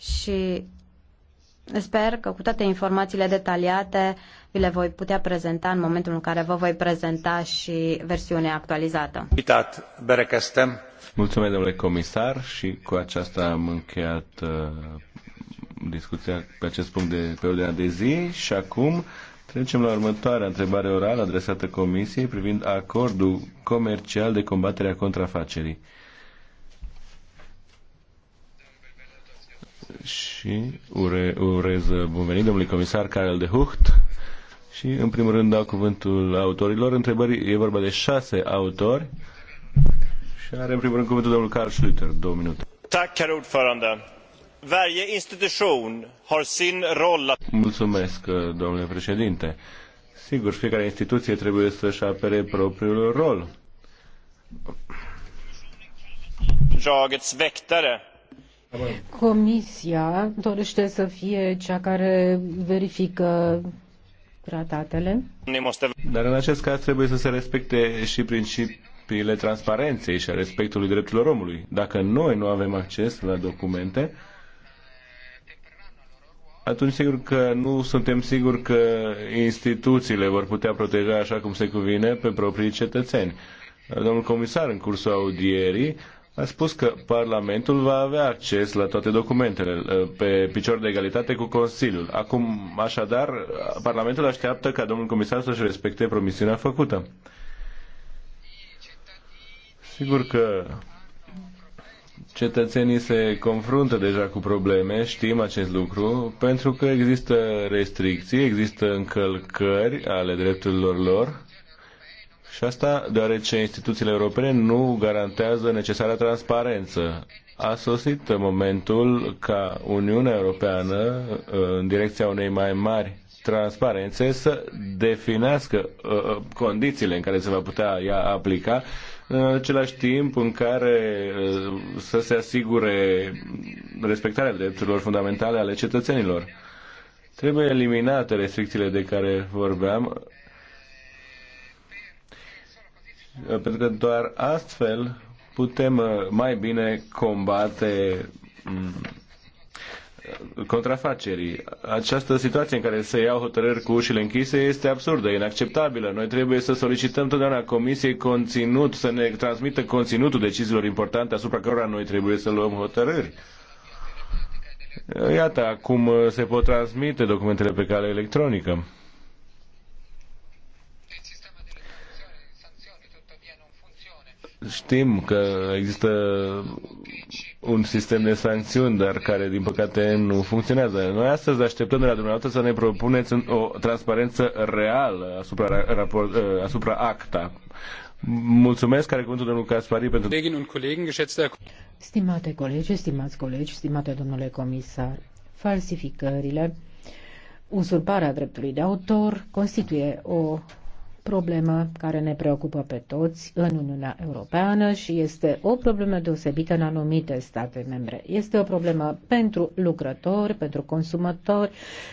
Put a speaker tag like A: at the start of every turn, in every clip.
A: și sper că cu toate informațiile detaliate vi le voi putea prezenta în momentul în care vă voi prezenta și versiunea actualizată.
B: Mulțumesc, domnule comisar, și cu aceasta am încheiat uh, discuția pe acest punct de pe ordinea de zi și acum Trecem la următoarea întrebare orală adresată Comisiei privind acordul comercial de combatere a contrafacerii. și ure, urez bun venit domnului comisar Karel de Hucht și în primul rând dau cuvântul autorilor întrebări. E vorba de șase autori și are în primul rând cuvântul domnul Karl Schlüter. Două minute. Tak, herr ordförande. Varje institution har sin roll. Mulțumesc, domnule președinte. Sigur, fiecare instituție trebuie să-și apere propriul rol. Jagets väktare
C: Comisia dorește să fie cea care verifică tratatele.
B: Dar în acest caz trebuie să se respecte și principiile transparenței și a respectului drepturilor omului. Dacă noi nu avem acces la documente, atunci sigur că nu suntem siguri că instituțiile vor putea proteja așa cum se cuvine pe proprii cetățeni. Domnul comisar, în cursul audierii, a spus că Parlamentul va avea acces la toate documentele uh, pe picior de egalitate cu Consiliul. Acum, așadar, Parlamentul așteaptă ca domnul comisar să-și respecte promisiunea făcută. Sigur că cetățenii se confruntă deja cu probleme, știm acest lucru, pentru că există restricții, există încălcări ale drepturilor lor și asta deoarece instituțiile europene nu garantează necesara transparență. A sosit momentul ca Uniunea Europeană, uh, în direcția unei mai mari transparențe, să definească uh, uh, condițiile în care se va putea ea aplica, în același timp în care să se asigure respectarea drepturilor fundamentale ale cetățenilor. Trebuie eliminate restricțiile de care vorbeam Eh, pentru că doar astfel putem eh, mai bine combate mm, contrafacerii. Această situație în care se iau hotărâri cu ușile închise este absurdă, inacceptabilă. Noi trebuie să solicităm totdeauna Comisiei conținut, să ne transmită conținutul deciziilor importante asupra cărora noi trebuie să luăm hotărâri. Eh, iată, acum se pot transmite documentele pe cale electronică. Știm că există un sistem de sancțiuni, dar care, din păcate, nu funcționează. Noi astăzi așteptăm de la dumneavoastră să ne propuneți o transparență reală asupra, raport, ă, asupra ACTA. Mulțumesc, care cuvântul domnul Caspari pentru...
C: Stimate colegi, stimați colegi, stimate domnule comisar, falsificările, usurparea dreptului de autor constituie o problemă care ne preocupă pe toți în Uniunea Europeană și este o problemă deosebită în anumite state membre. Este o problemă pentru lucrători, pentru consumatori,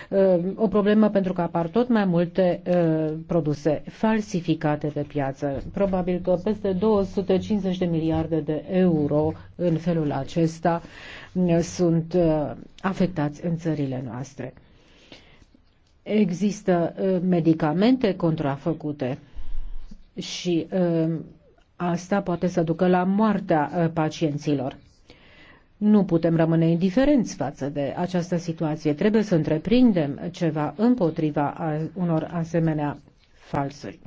C: uh, o problemă pentru că apar tot mai multe uh, produse falsificate pe piață. Probabil că peste 250 de miliarde de euro în felul acesta uh, sunt afectați în țările noastre. Există uh, medicamente contrafăcute și uh, asta poate să ducă la moartea uh, pacienților. Nu putem rămâne indiferenți față de această situație. Trebuie să întreprindem ceva împotriva unor asemenea falsuri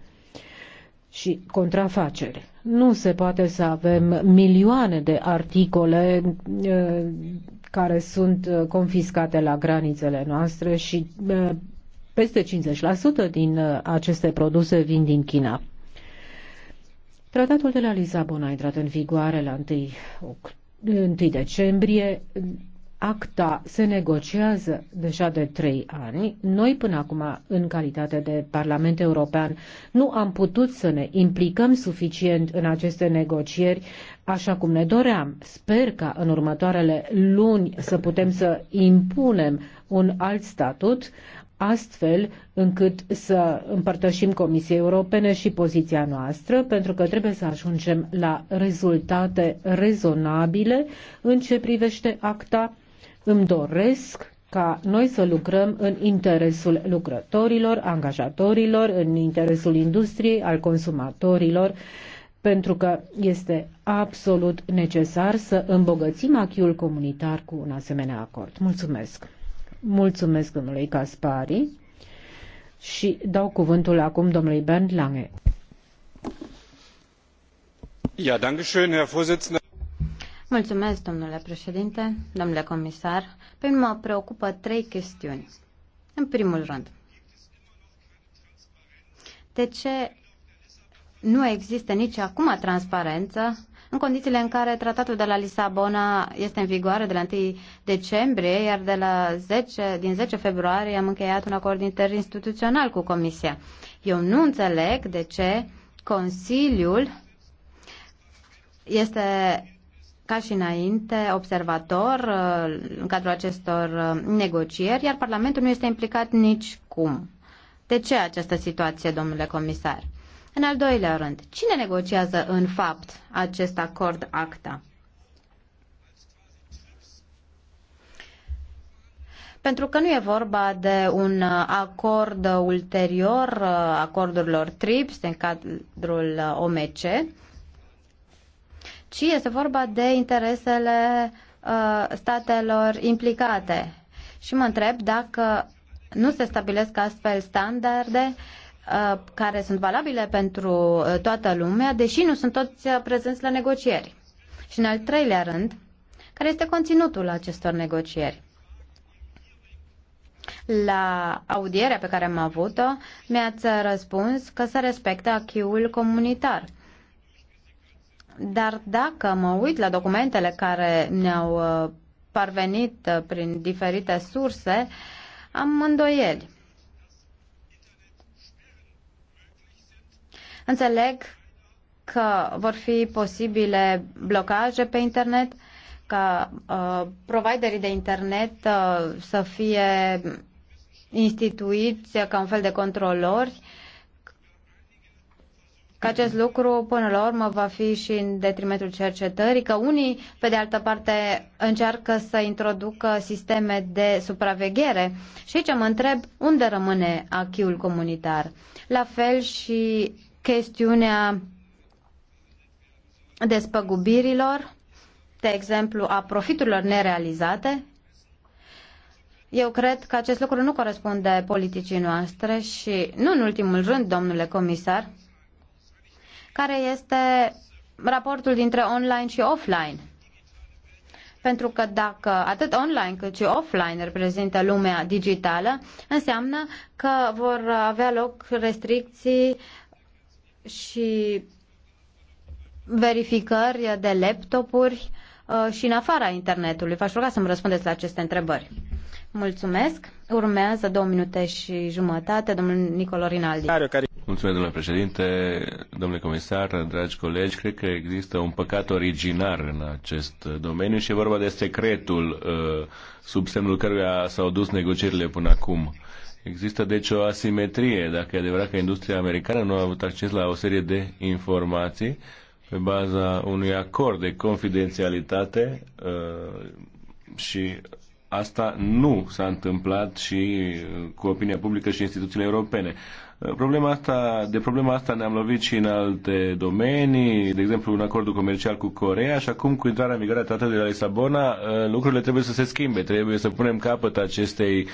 C: și contrafaceri. Nu se poate să avem milioane de articole care sunt confiscate la granițele noastre și peste 50% din uh, aceste produse vin din China. Tratatul de la Lisabona a intrat în vigoare la 1, 1 decembrie. Acta se negociază deja de trei ani. Noi până acum, în calitate de Parlament European, nu am putut să ne implicăm suficient în aceste negocieri așa cum ne doream. Sper ca în următoarele luni să putem să impunem un alt statut, astfel încât să împărtășim Comisiei Europene și poziția noastră, pentru că trebuie să ajungem la rezultate rezonabile în ce privește acta. Îmi doresc ca noi să lucrăm în interesul lucrătorilor, angajatorilor, în interesul industriei, al consumatorilor, pentru că este absolut necesar să îmbogățim achiul comunitar cu un asemenea acord. Mulțumesc! Mulțumesc domnului Caspari și dau cuvântul acum domnului Bernd Lange.
B: Ja,
A: danke schön, Herr Vorsitzender. Mulțumesc, domnule președinte, domnule comisar. Pe mine mă preocupă trei chestiuni. În primul rând, de ce nu există nici acum transparență în condițiile în care tratatul de la Lisabona este în vigoare de la 1 decembrie, iar de la 10, din 10 februarie am încheiat un acord interinstituțional cu Comisia. Eu nu înțeleg de ce Consiliul este ca și înainte, observator uh, în cadrul acestor uh, negocieri, iar Parlamentul nu este implicat nici cum. De ce această situație, domnule comisar? În al doilea rând, cine negociază în fapt acest acord ACTA? Pentru că nu e vorba de un acord ulterior acordurilor TRIPS în cadrul OMC, ci este vorba de interesele uh, statelor implicate. Și mă întreb dacă nu se stabilesc astfel standarde Uh, care sunt valabile pentru uh, toată lumea, deși nu sunt toți uh, prezenți la negocieri. Și în al treilea rând, care este conținutul acestor negocieri. La audierea pe care am avut-o, mi-ați răspuns că se respectă achiul comunitar. Dar dacă mă uit la documentele care ne-au parvenit prin diferite surse, am îndoieli. Înțeleg că vor fi posibile blocaje pe internet, ca uh, providerii de internet uh, să fie instituiți ca un fel de controlori, că acest lucru până la urmă va fi și în detrimentul cercetării, că unii, pe de altă parte, încearcă să introducă sisteme de supraveghere. Și aici mă întreb unde rămâne achiul comunitar. La fel și chestiunea despăgubirilor, de exemplu, a profiturilor nerealizate. Eu cred că acest lucru nu corespunde politicii noastre și, nu în ultimul rând, domnule comisar, care este raportul dintre online și offline. Pentru că dacă atât online cât și offline reprezintă lumea digitală, înseamnă că vor avea loc restricții uh, și verificări de laptopuri uh, și în afara internetului. V-aș ruga să-mi răspundeți la aceste întrebări. Mulțumesc. Urmează două minute și jumătate, domnul Nicolo Rinaldi.
B: Mulțumesc, domnule președinte, domnule comisar, dragi colegi. Cred că există un păcat originar în acest domeniu și e vorba de secretul uh, sub semnul căruia s-au dus negocierile până acum. Există deci o asimetrie, dacă e adevărat că industria americană nu a avut acces la o serie de informații pe baza unui acord de confidențialitate uh, și asta nu s-a întâmplat și uh, cu opinia publică și instituțiile europene. Uh, problema asta, de problema asta ne-am lovit și în alte domenii, de exemplu un acordul comercial cu Corea și acum cu intrarea în vigoare a tratatului de la Lisabona lucrurile trebuie să se schimbe, trebuie să punem capăt acestei uh,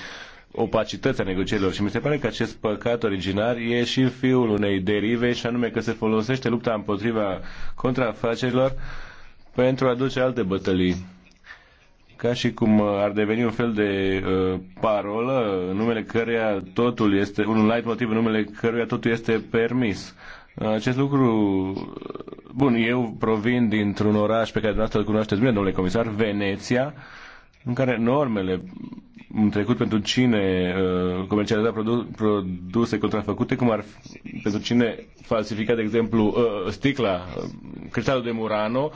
B: opacitatea negocierilor și mi se pare că acest păcat originar e și fiul unei derive și anume că se folosește lupta împotriva contrafacerilor pentru a duce alte bătălii. Ca și cum ar deveni un fel de uh, parolă în numele căreia totul este, un light motiv în numele căruia totul este permis. Acest lucru, bun, eu provin dintr-un oraș pe care dumneavoastră îl cunoașteți bine, domnule comisar, Veneția, uh, în care normele în trecut pentru cine uh, comercializa produ- produse contrafăcute, cum ar fi pentru cine falsifica, de exemplu, uh, sticla, uh, cristalul de Murano,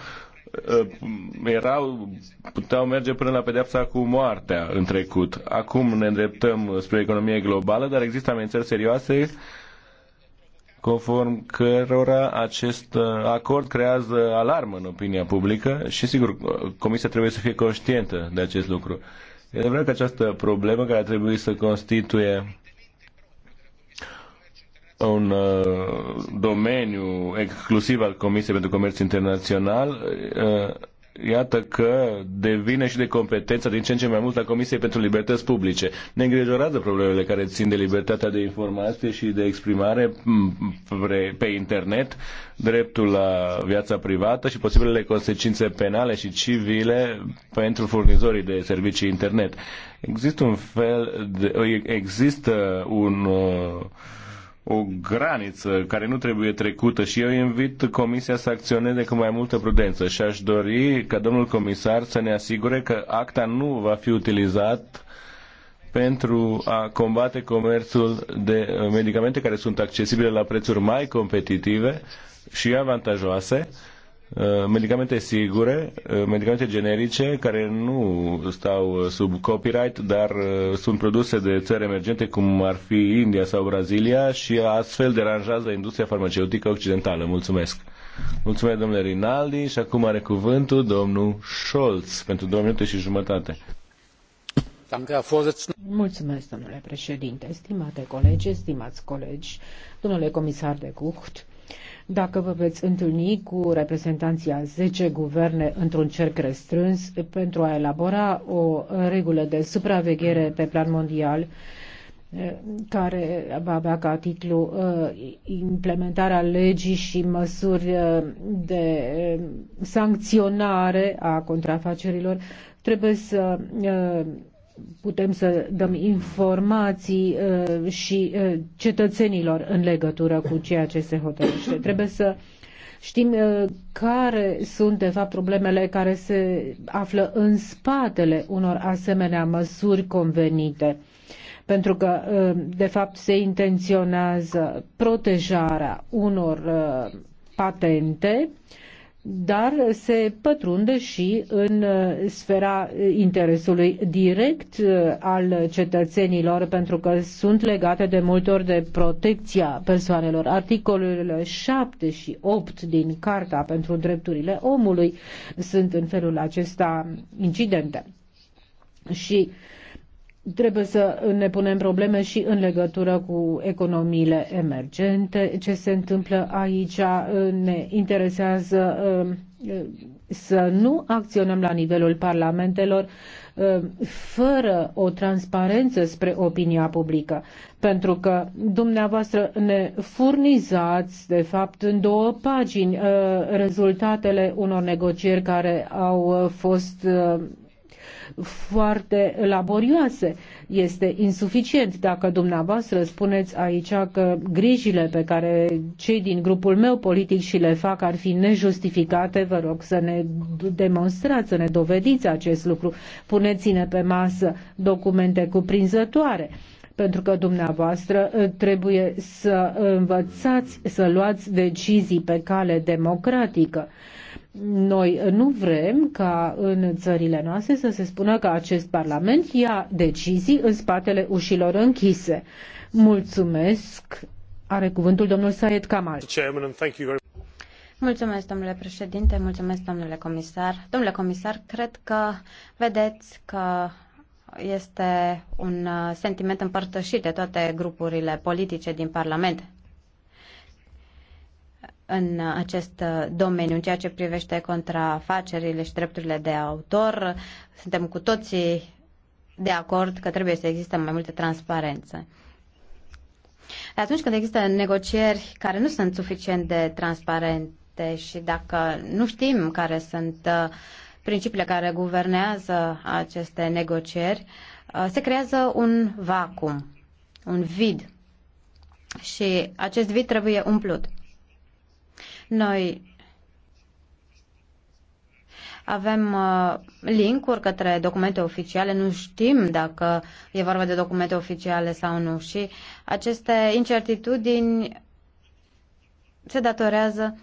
B: uh, erau, puteau merge până la pedeapsa cu moartea în trecut. Acum ne îndreptăm spre economie globală, dar există amenințări serioase uh, conform cărora acest uh, acord creează alarmă în opinia publică și, sigur, Comisia trebuie să fie conștientă de acest lucru. E adevărat că această problemă care trebuie să constituie un uh, domeniu exclusiv al Comisiei pentru Comerț Internațional uh, iată că devine și de competență din ce în ce mai mult la Comisie pentru Libertăți Publice. Ne îngrijorează problemele care țin de libertatea de informație și de exprimare pe internet, dreptul la viața privată și posibilele consecințe penale și civile pentru furnizorii de servicii internet. Există un fel de, există un uh, o graniță care nu trebuie trecută și eu invit Comisia să acționeze cu mai multă prudență și aș dori ca domnul comisar să ne asigure că acta nu va fi utilizat pentru a combate comerțul de medicamente care sunt accesibile la prețuri mai competitive și avantajoase Uh, medicamente sigure, uh, medicamente generice care nu stau uh, sub copyright, dar sunt produse de țări emergente cum ar fi India sau Brazilia și astfel deranjează industria farmaceutică occidentală. Mulțumesc! Mulțumesc, domnule Rinaldi, și acum are cuvântul domnul Scholz pentru două minute și jumătate.
C: Mulțumesc, domnule președinte, stimate colegi, stimați colegi, domnule comisar de Gucht, dacă vă veți întâlni cu reprezentanții a 10 guverne într-un cerc restrâns pentru a elabora o regulă de supraveghere pe plan mondial eh, care va avea ca titlu eh, implementarea legii și măsuri eh, de sancționare a contrafacerilor, trebuie să putem să dăm informații uh, și uh, cetățenilor în legătură cu ceea ce se hotărăște. Trebuie să știm uh, care sunt, de fapt, problemele care se află în spatele unor asemenea măsuri convenite. Pentru că, de fapt, se intenționează protejarea unor patente uh, dar se pătrunde și în uh, sfera uh, interesului direct uh, al cetățenilor, pentru că sunt legate de multe ori de protecția persoanelor. Articolele 7 și 8 din Carta pentru Drepturile Omului sunt în felul acesta incidente. Și uh, trebuie să ne punem probleme și în legătură cu economiile emergente. Ce se întâmplă aici uh, ne interesează uh, uh, să nu acționăm la nivelul parlamentelor fără o transparență spre opinia publică, pentru că dumneavoastră ne furnizați, de fapt, în două pagini rezultatele unor negocieri care au fost foarte laborioase. Este insuficient dacă dumneavoastră spuneți aici că grijile pe care cei din grupul meu politic și le fac ar fi nejustificate, vă rog să ne demonstrați, să ne dovediți acest lucru. Puneți-ne pe masă documente cuprinzătoare pentru că dumneavoastră uh, trebuie să învățați să luați decizii pe cale democratică. Noi nu vrem ca în țările noastre să se spună că acest Parlament ia decizii în spatele ușilor închise. Mulțumesc.
A: Are cuvântul domnul Saed Kamal. Mulțumesc, domnule președinte, mulțumesc, domnule comisar. Domnule comisar, cred că vedeți că este un uh, sentiment împărtășit de toate grupurile politice din Parlament în acest domeniu, în ceea ce privește contrafacerile și drepturile de autor. Suntem cu toții de acord că trebuie să existe mai multă transparență. Atunci când există negocieri care nu sunt suficient de transparente și dacă nu știm care sunt uh, principiile care guvernează aceste negocieri, uh, se creează un vacum, un vid. Și acest vid trebuie umplut. Noi avem uh, link-uri către documente oficiale, nu știm dacă e vorba de documente oficiale sau nu și aceste incertitudini se datorează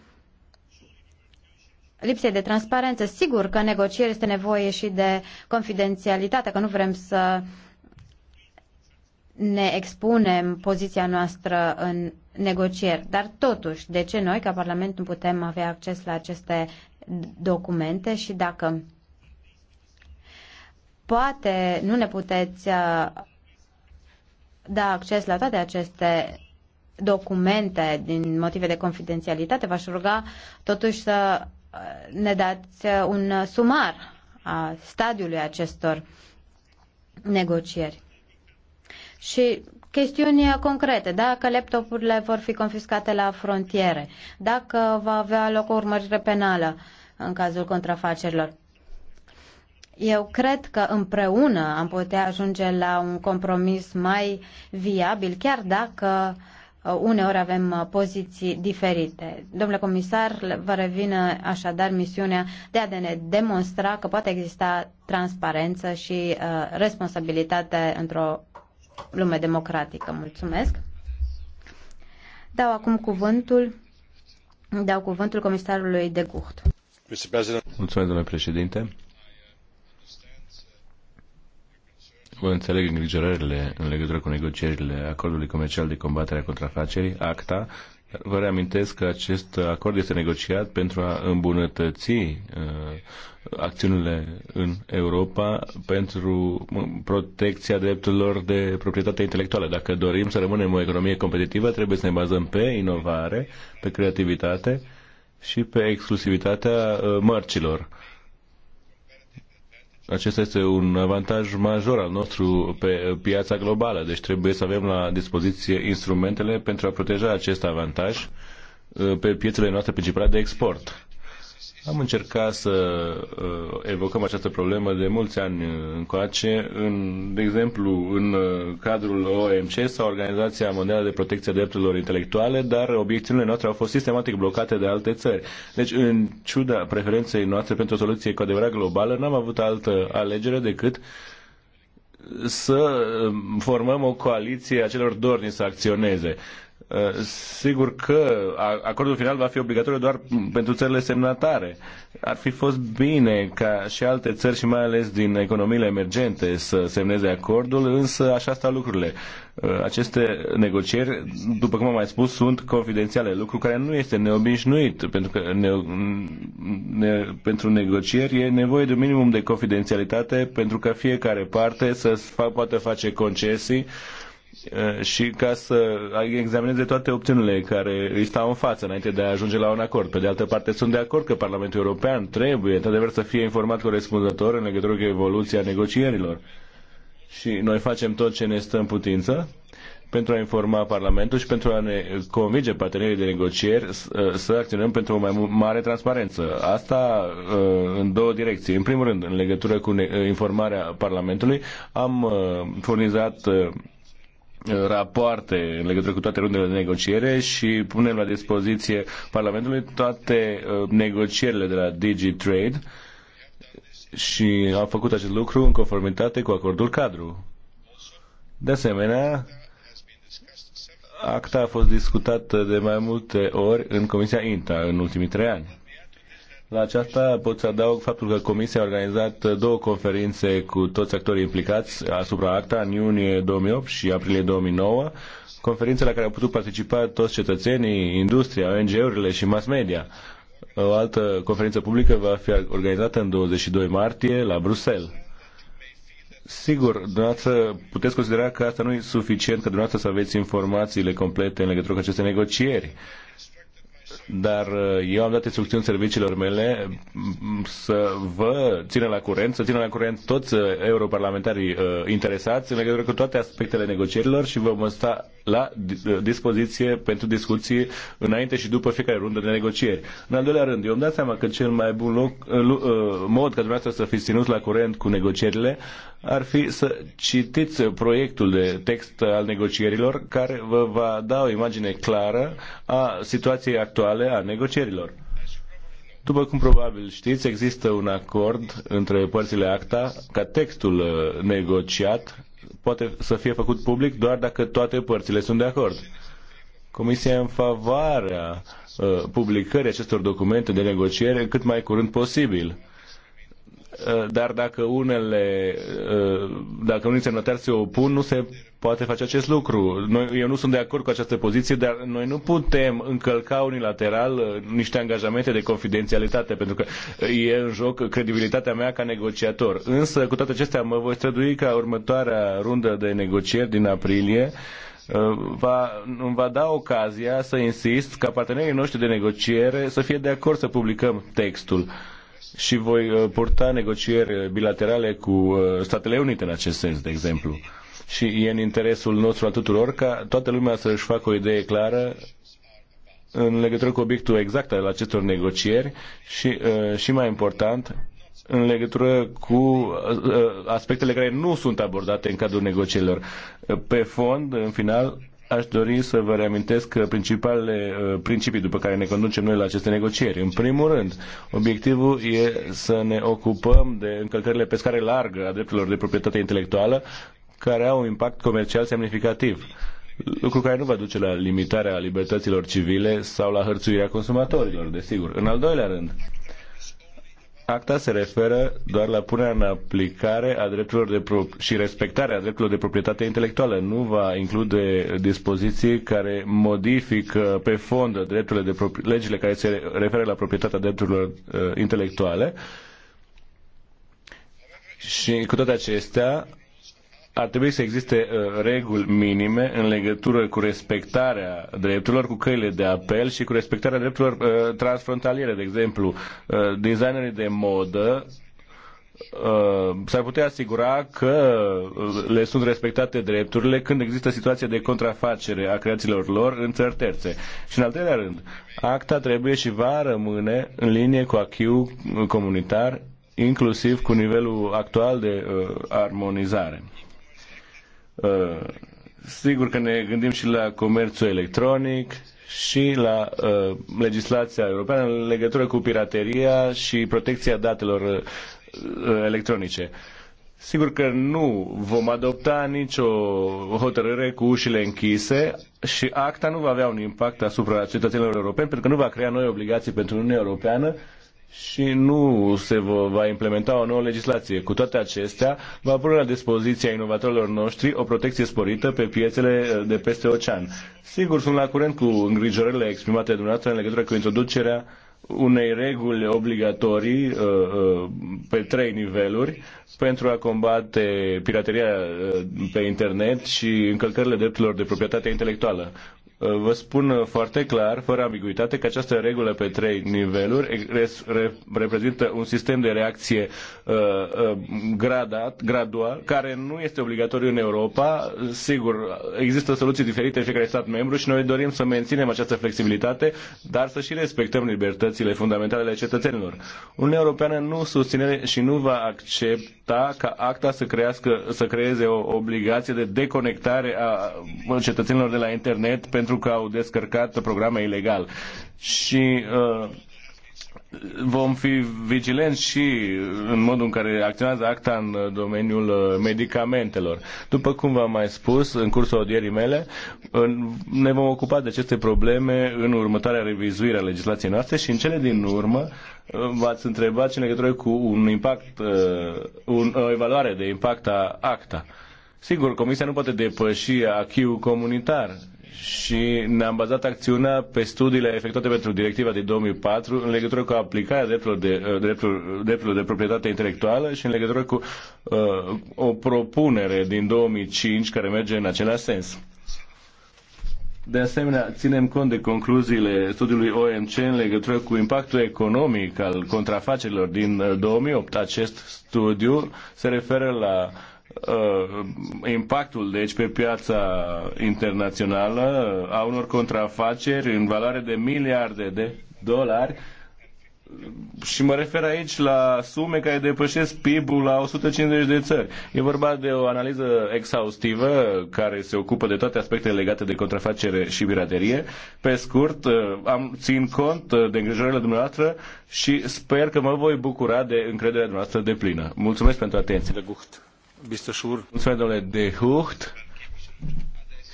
A: lipsei de transparență. Sigur că în negocieri este nevoie și de confidențialitate, că nu vrem să ne expunem poziția noastră în negocieri. Dar totuși, de ce noi, ca Parlament, nu putem avea acces la aceste documente și dacă poate nu ne puteți uh, da acces la toate aceste documente din motive de confidențialitate, v-aș ruga totuși să uh, ne dați uh, un sumar a stadiului acestor negocieri și chestiuni concrete, dacă laptopurile vor fi confiscate la frontiere, dacă va avea loc o urmărire penală în cazul contrafacerilor. Eu cred că împreună am putea ajunge la un compromis mai viabil, chiar dacă uh, uneori avem uh, poziții diferite. Domnule comisar, vă revină uh, așadar misiunea de a ne demonstra că poate exista transparență și responsabilitate într-o lume democratică. Mulțumesc! Dau acum cuvântul, dau cuvântul comisarului de Gucht.
B: Mulțumesc, domnule președinte. Vă înțeleg îngrijorările în legătură cu negocierile acordului comercial de combatere a contrafacerii, ACTA, dar vă reamintesc că acest acord este negociat pentru a îmbunătăți uh, acțiunile în Europa pentru protecția drepturilor de proprietate intelectuală. Dacă dorim să rămânem o economie competitivă, trebuie să ne bazăm pe inovare, pe creativitate și pe exclusivitatea uh, mărcilor. Acesta este un avantaj major al nostru pe piața globală, deci trebuie să avem la dispoziție instrumentele pentru a proteja acest avantaj uh, pe piețele noastre principale de export am încercat să uh, evocăm această problemă de mulți ani uh, încoace. În, de exemplu, în uh, cadrul OMC sau Organizația Mondială de Protecție a Drepturilor Intelectuale, dar obiecțiunile noastre au fost sistematic blocate de alte țări. Deci, în ciuda preferenței noastre pentru o soluție cu adevărat globală, n-am avut altă alegere decât să uh, formăm o coaliție a celor dorni să acționeze. Uh, sigur că acordul final va fi obligatoriu doar pentru țările semnatare. Ar fi fost bine ca și alte țări și mai ales din economiile emergente să semneze acordul, însă așa stau lucrurile. Uh, aceste negocieri, după cum am mai spus, sunt confidențiale, lucru care nu este neobișnuit, pentru că ne, ne, pentru negocieri e nevoie de un minimum de confidențialitate pentru ca fiecare parte să fa, poată face concesii Eh, și ca să examineze toate opțiunile care îi stau în față înainte de a ajunge la un acord. Pe de altă parte, sunt de acord că Parlamentul European trebuie, într-adevăr, să fie informat corespunzător în legătură cu evoluția negocierilor. Și noi facem tot ce ne stă în putință pentru a informa Parlamentul și pentru a ne convinge partenerii de negocieri eh, să acționăm pentru o mai mare transparență. Asta eh, în două direcții. În primul rând, în legătură cu informarea Parlamentului, am furnizat rapoarte în legătură cu toate rundele de negociere și punem la dispoziție Parlamentului toate uh, negocierile de la DigiTrade și am făcut acest lucru în conformitate cu acordul cadru. De asemenea, acta a fost discutată de mai multe ori în Comisia INTA în ultimii trei ani. La aceasta pot să adaug faptul că Comisia a organizat două conferințe cu toți actorii implicați asupra ACTA în iunie 2008 și aprilie 2009, conferințe la care au putut participa toți cetățenii, industria, ONG-urile și mass media. O altă conferință publică va fi organizată în 22 martie la Bruxelles. Sigur, dumneavoastră puteți considera că asta nu e suficient, că dumneavoastră să aveți informațiile complete în legătură cu aceste negocieri. Uh, dar uh, eu am dat instrucțiuni serviciilor mele mm, să vă țină la curent, să țină la curent toți uh, europarlamentarii uh, interesați în legătură cu toate aspectele negocierilor și vă vom sta la dispoziție pentru discuții înainte și după fiecare rundă de negocieri. În al doilea rând, eu îmi dat seama că cel mai bun loc, mod ca dumneavoastră să fiți ținut la curent cu negocierile ar fi să citiți proiectul de text al negocierilor care vă va da o imagine clară a situației actuale finale a negocierilor. După cum probabil știți, există un acord între părțile ACTA ca textul uh, negociat poate să fie făcut public doar dacă toate părțile sunt de acord. Comisia în favoarea uh, publicării acestor documente de negociere cât mai curând posibil Eh, dar dacă unele, eh, dacă unii semnatari se opun, nu se poate face acest lucru. Noi, eu nu sunt de acord cu această poziție, dar noi nu putem încălca unilateral eh, niște angajamente de confidențialitate, pentru că e în joc credibilitatea mea ca negociator. Însă, cu toate acestea, mă voi strădui ca următoarea rundă de negocieri din aprilie va, îmi va da ocazia să insist ca partenerii noștri de negociere să fie de acord să publicăm textul și voi uh, purta negocieri bilaterale cu uh, Statele Unite în acest sens, de exemplu. Și e în interesul nostru a tuturor ca toată lumea să își facă o idee clară în legătură cu obiectul exact al acestor negocieri și, uh, și mai important, în legătură cu aspectele care nu sunt abordate în cadrul negocierilor. Pe fond, în final, Aș dori să vă reamintesc uh, principalele uh, principii după care ne conducem noi la aceste negocieri. În primul rând, obiectivul e să ne ocupăm de încălcările pe scară largă a drepturilor de proprietate intelectuală care au un impact comercial semnificativ, lucru care nu va duce la limitarea libertăților civile sau la hărțuirea consumatorilor, desigur. În al doilea rând, Acta se referă doar la punerea în aplicare a drepturilor de pro- și respectarea drepturilor de proprietate intelectuală. Nu va include dispoziții care modifică pe fond drepturile de legile care se referă la proprietatea drepturilor uh, intelectuale. Și cu toate acestea, ar trebui să existe uh, reguli minime în legătură cu respectarea drepturilor, cu căile de apel și cu respectarea drepturilor uh, transfrontaliere. De exemplu, uh, designerii de modă s-ar putea asigura că le sunt respectate drepturile când există situația de contrafacere a creațiilor lor în țări terțe. Și în al treilea rând, acta trebuie și va rămâne în linie cu acquis comunitar, inclusiv cu nivelul actual de uh, armonizare. Uh, sigur că ne gândim și la comerțul electronic și la uh, legislația europeană în legătură cu pirateria și protecția datelor uh, electronice. Sigur că nu vom adopta nicio hotărâre cu ușile închise și acta nu va avea un impact asupra cetățenilor europeni pentru că nu va crea noi obligații pentru Uniunea Europeană și nu se va implementa o nouă legislație. Cu toate acestea, va pune la dispoziția inovatorilor noștri o protecție sporită pe piețele de peste ocean. Sigur, sunt la curent cu îngrijorările exprimate de dumneavoastră în legătură cu introducerea unei reguli obligatorii uh, uh, pe trei niveluri pentru a combate pirateria uh, pe internet și încălcările drepturilor de proprietate intelectuală. Uh, vă spun uh, foarte clar, fără ambiguitate, că această regulă pe trei niveluri reprezintă un sistem de reacție uh, gradat, gradual, care nu este obligatoriu în Europa. Sigur, există soluții diferite în fiecare stat membru și noi dorim să menținem această flexibilitate, dar să și respectăm libertățile fundamentale ale cetățenilor. Uniunea Europeană nu susține și nu va accepta ca acta să, crească, să creeze o obligație de deconectare a cetățenilor de la internet pentru pentru că au descărcat programe ilegal. Și uh, vom fi vigilenți și în modul în care acționează acta în domeniul uh, medicamentelor. După cum v-am mai spus în cursul audierii mele, uh, ne vom ocupa de aceste probleme în următoarea revizuire a legislației noastre și în cele din urmă uh, v-ați întrebat în legătură cu un impact, un, o evaluare de impact a acta. Sigur, Comisia nu poate depăși acquis comunitar și ne-am bazat acțiunea pe studiile efectuate pentru directiva din 2004 în legătură cu aplicarea drepturilor de, uh, dreptul, drepturilor de proprietate intelectuală și în legătură cu uh, o propunere din 2005 care merge în același sens. De asemenea, ținem cont de concluziile studiului OMC în legătură cu impactul economic al contrafacerilor din 2008. Uh, Acest studiu se referă la Uh, impactul, deci, pe piața internațională a unor contrafaceri în valoare de miliarde de dolari și mă refer aici la sume care depășesc PIB-ul la 150 de țări. E vorba de o analiză exhaustivă care se ocupă de toate aspectele legate de contrafacere și piraterie. Pe scurt, uh, am, țin cont uh, de îngrijorările dumneavoastră și sper că mă voi bucura de încrederea dumneavoastră de plină. Mulțumesc pentru atenție. De guht. Biztos úr. Mulțumesc, domnule de Hucht.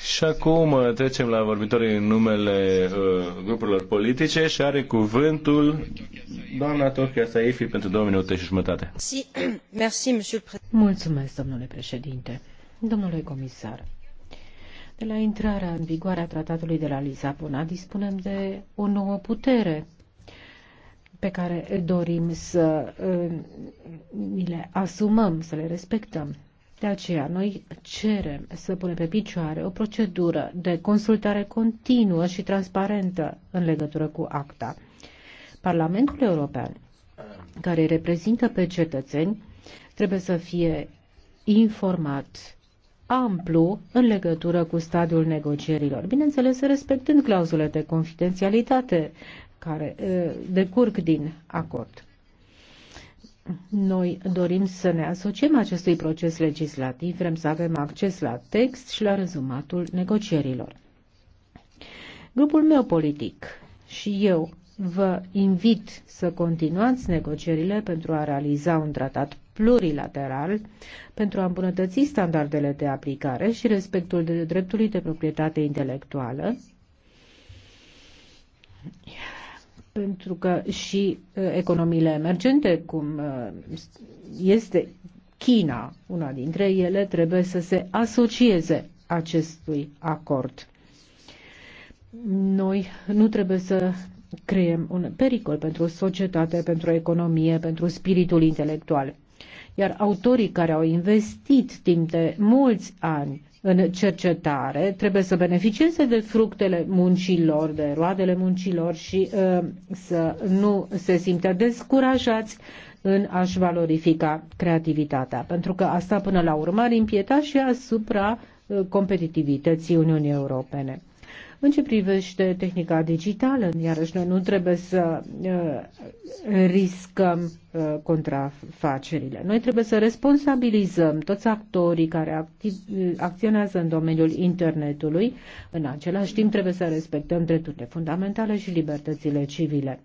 B: Și acum uh, trecem la vorbitorii în numele uh, grupurilor politice și are cuvântul doamna Tokia Saifi pentru două minute și jumătate.
C: Mulțumesc, domnule președinte. Domnule comisar, de la intrarea în vigoare a tratatului de la Lisabona dispunem de o nouă putere pe care dorim să uh, ni le asumăm, să le respectăm. De aceea, noi cerem să punem pe picioare o procedură de consultare continuă și transparentă în legătură cu acta. Parlamentul European, care reprezintă pe cetățeni, trebuie să fie informat amplu în legătură cu stadiul negocierilor, bineînțeles respectând clauzule de confidențialitate care decurg din acord. Noi dorim să ne asociem acestui proces legislativ, vrem să avem acces la text și la rezumatul negocierilor. Grupul meu politic și eu vă invit să continuați negocierile pentru a realiza un tratat plurilateral, pentru a îmbunătăți standardele de aplicare și respectul de dreptului de proprietate intelectuală, pentru că și uh, economiile emergente, cum uh, este China, una dintre ele, trebuie să se asocieze acestui acord. Noi nu trebuie să creăm un pericol pentru o societate, pentru o economie, pentru spiritul intelectual. Iar autorii care au investit timp de mulți ani în cercetare trebuie să beneficieze de fructele muncilor, de roadele muncilor și uh, să nu se simtă descurajați în a-și valorifica creativitatea, pentru că asta până la urmă ar impieta și asupra uh, competitivității Uniunii Europene. În ce privește tehnica digitală, iarăși noi nu trebuie să uh, riscăm uh, contrafacerile. Noi trebuie să responsabilizăm toți actorii care uh, acționează în domeniul internetului. În același timp trebuie să respectăm drepturile fundamentale și libertățile civile.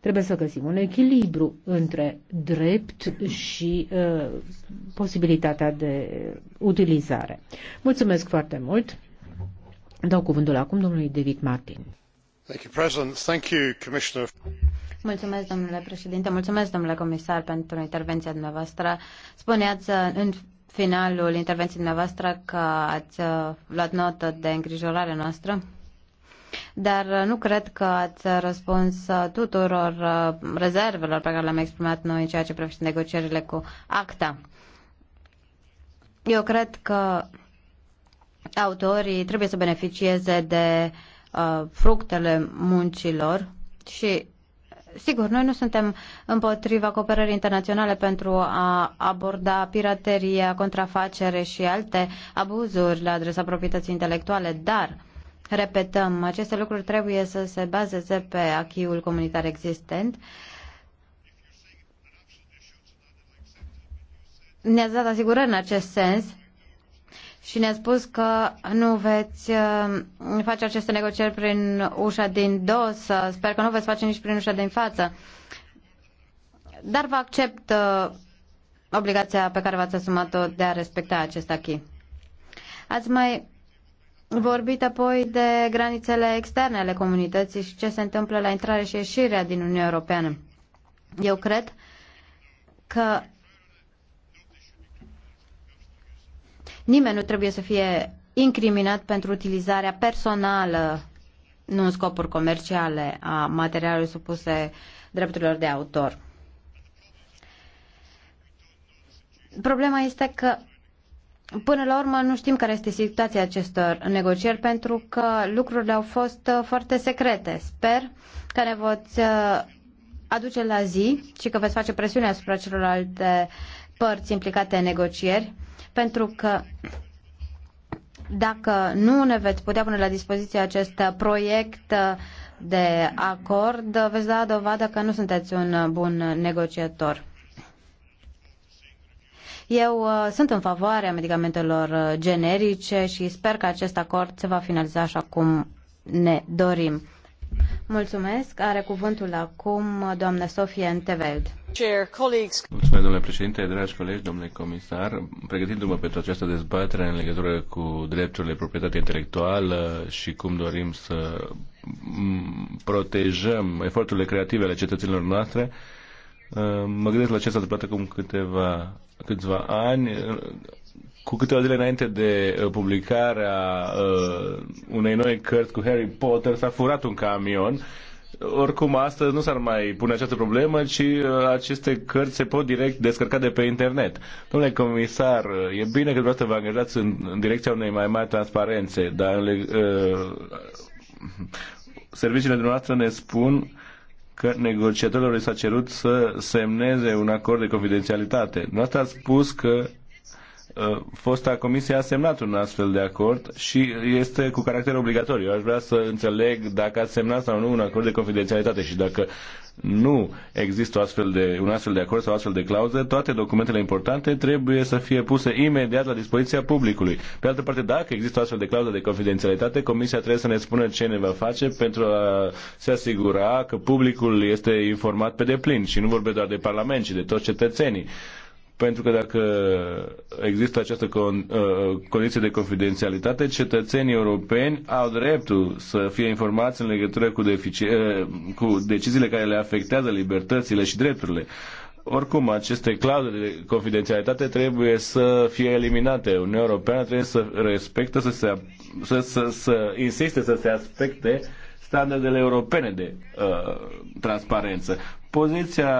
C: Trebuie să găsim un echilibru între drept și uh, posibilitatea de utilizare. Mulțumesc foarte mult! Dau cuvântul acum domnului David Martin.
A: Mulțumesc, domnule președinte, mulțumesc, domnule comisar, pentru intervenția dumneavoastră. Spuneați uh, în finalul intervenției dumneavoastră că ați uh, luat notă de îngrijorare noastră, dar uh, nu cred că ați răspuns tuturor rezervelor pe care le-am exprimat noi în ceea ce privește negocierile cu ACTA. Eu cred că autorii trebuie să beneficieze de uh, fructele muncilor și Sigur, noi nu suntem împotriva cooperării internaționale pentru a aborda pirateria, contrafacere și alte abuzuri la adresa proprietății intelectuale, dar, repetăm, aceste lucruri trebuie să se bazeze pe achiul comunitar existent. Ne-ați dat asigurări în acest sens și ne-a spus că nu veți uh, face aceste negocieri prin ușa din dos. Sper că nu veți face nici prin ușa din față. Dar vă accept uh, obligația pe care v-ați asumat-o de a respecta acest achii. Ați mai vorbit apoi de granițele externe ale comunității și ce se întâmplă la intrare și ieșirea din Uniunea Europeană. Eu cred că Nimeni nu trebuie să fie incriminat pentru utilizarea personală, nu în scopuri comerciale, a materialului supuse drepturilor de autor. Problema este că Până la urmă nu știm care este situația acestor negocieri pentru că lucrurile au fost uh, foarte secrete. Sper că ne voți uh, aduce la zi și că veți face presiune asupra celorlalte părți implicate în negocieri pentru că dacă nu ne veți putea pune la dispoziție acest proiect de acord, veți da dovadă că nu sunteți un bun negociator. Eu uh, sunt în favoarea medicamentelor uh, generice și sper că acest acord se va finaliza așa cum ne dorim. Mulțumesc. Are cuvântul acum doamna Sofia Enteveld.
B: Mulțumesc, domnule președinte, dragi colegi, domnule comisar. Pregătindu-mă pentru această dezbatere în legătură cu drepturile proprietății intelectuală și cum dorim să protejăm eforturile creative ale cetățenilor noastre, mă gândesc la ce s-a întâmplat acum câteva, câțiva ani cu câteva zile înainte de uh, publicarea uh, unei noi cărți cu Harry Potter, s-a furat un camion. Oricum, astăzi nu s-ar mai pune această problemă, ci uh, aceste cărți se pot direct descărca de pe internet. Domnule comisar, uh, e bine că dumneavoastră vă angajați în, în direcția unei mai mari transparențe, dar uh, serviciile dumneavoastră ne spun că negociatorilor s-a cerut să semneze un acord de confidențialitate. Dumneavoastră a spus că Uh, fosta comisie a semnat un astfel de acord și este cu caracter obligatoriu. Aș vrea să înțeleg dacă a semnat sau nu un acord de confidențialitate și dacă nu există astfel de, un astfel de acord sau astfel de clauză, toate documentele importante trebuie să fie puse imediat la dispoziția publicului. Pe altă parte, dacă există astfel de clauză de confidențialitate, Comisia trebuie să ne spună ce ne va face pentru a se asigura că publicul este informat pe deplin și nu vorbesc doar de Parlament, ci de toți cetățenii. Pentru că dacă există această con, uh, condiție de confidențialitate, cetățenii europeni au dreptul să fie informați în legătură cu, defici, uh, cu deciziile care le afectează libertățile și drepturile. Oricum, aceste clauze de confidențialitate trebuie să fie eliminate. Uniunea Europeană trebuie să respecte, să, se, să, să, să insiste să se aspecte standardele europene de uh, transparență. Poziția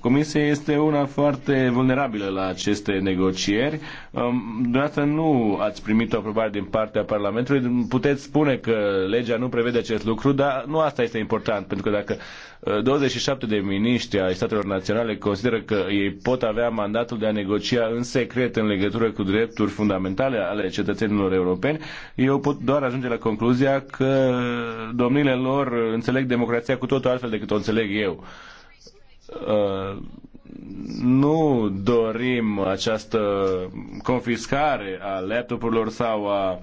B: Comisiei este una foarte vulnerabilă la aceste negocieri. Um, dumneavoastră nu ați primit o aprobare din partea Parlamentului. Puteți spune că legea nu prevede acest lucru, dar nu asta este important, pentru că dacă 27 uh, de miniștri ai statelor naționale consideră că ei pot avea mandatul de a negocia în secret în legătură cu drepturi fundamentale ale cetățenilor europeni, eu pot doar ajunge la concluzia că domnile lor înțeleg democrația cu totul altfel decât o înțeleg eu. Uh, nu dorim această confiscare a laptopurilor sau a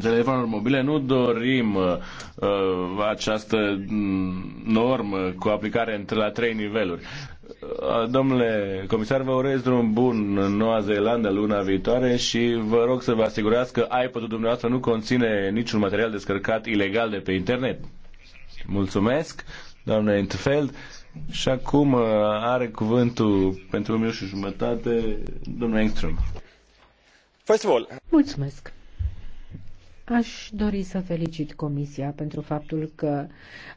B: telefonuri mobile, nu dorim uh, uh această mm, normă cu aplicare între la trei niveluri. Uh, domnule comisar, vă urez drum bun în Noua Zeelandă luna viitoare și vă rog să vă asigurați că iPod-ul dumneavoastră nu conține niciun material descărcat ilegal de pe internet. Mulțumesc, doamne Entfeld. Și acum uh, are cuvântul pentru o și jumătate domnul Engström.
C: Mulțumesc. Aș dori să felicit Comisia pentru faptul că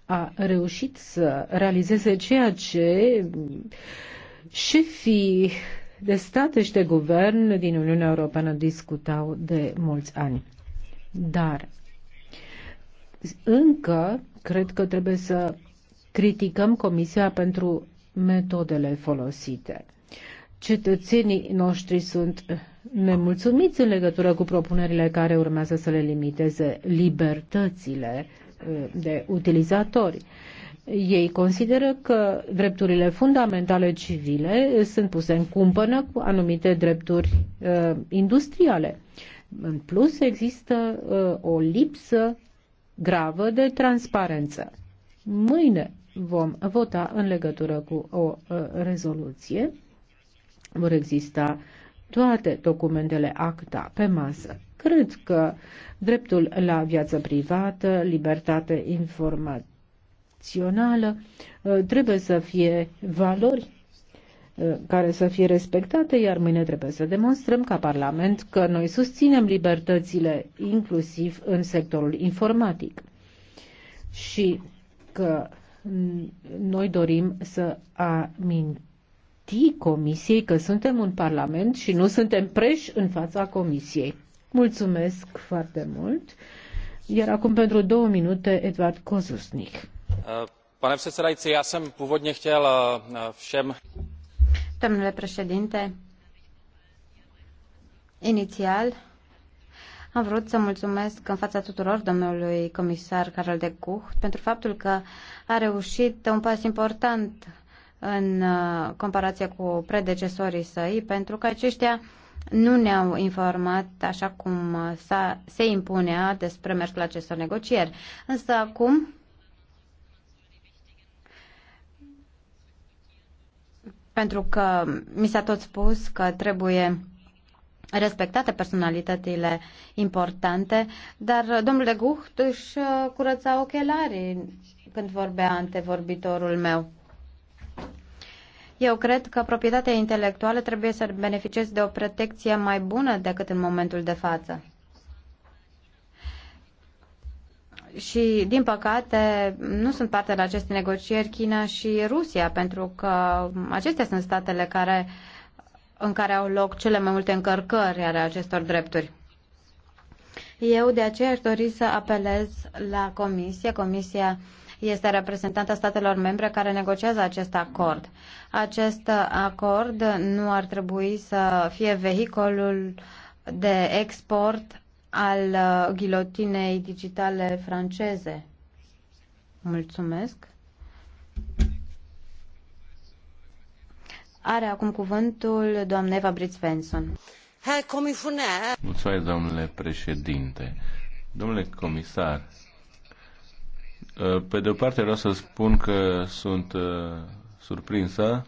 C: a reușit să realizeze ceea ce șefii de state și de guvern din Uniunea Europeană discutau de mulți ani. Dar încă cred că trebuie să criticăm Comisia pentru metodele folosite. Cetățenii noștri sunt nemulțumiți în legătură cu propunerile care urmează să le limiteze libertățile uh, de utilizatori. Ei consideră că drepturile fundamentale civile sunt puse în cumpănă cu anumite drepturi uh, industriale. În plus, există uh, o lipsă gravă de transparență. Mâine vom vota în legătură cu o uh, rezoluție. Vor exista toate documentele acta pe masă. Cred că dreptul la viață privată, libertate informațională uh, trebuie să fie valori uh, care să fie respectate, iar mâine trebuie să demonstrăm ca Parlament că noi susținem libertățile inclusiv în sectorul informatic și că noi dorim să aminti Comisiei că suntem un Parlament și nu suntem preși în fața Comisiei. Mulțumesc foarte mult. Iar acum pentru două minute Edward Kozusnik.
B: Uh, pane předsedající, já jsem původně chtěl uh, všem...
A: Domnule președinte, inițial am vrut să mulțumesc în fața tuturor domnului comisar Carol de Gucht pentru faptul că a reușit un pas important în uh, comparație cu predecesorii săi, pentru că aceștia nu ne-au informat așa cum uh, se impunea despre mersul acestor negocieri. Însă acum pentru că mi s-a tot spus că trebuie respectate personalitățile importante, dar domnul de Gucht își uh, curăța ochelarii când vorbea antevorbitorul meu. Eu cred că proprietatea intelectuală trebuie să beneficieze de o protecție mai bună decât în momentul de față. Și, din păcate, nu sunt parte la aceste negocieri China și Rusia, pentru că acestea sunt statele care uh, în care au loc cele mai multe încărcări ale acestor drepturi. Eu de aceea aș dori să apelez la Comisie. Comisia este reprezentanta statelor membre care negociază acest acord. Acest acord nu ar trebui să fie vehicolul de export al ghilotinei digitale franceze. Mulțumesc. Are acum cuvântul doamna Eva Brit Svensson.
B: Mulțumesc, domnule președinte. Domnule comisar, pe de o parte vreau să spun că sunt uh, surprinsă,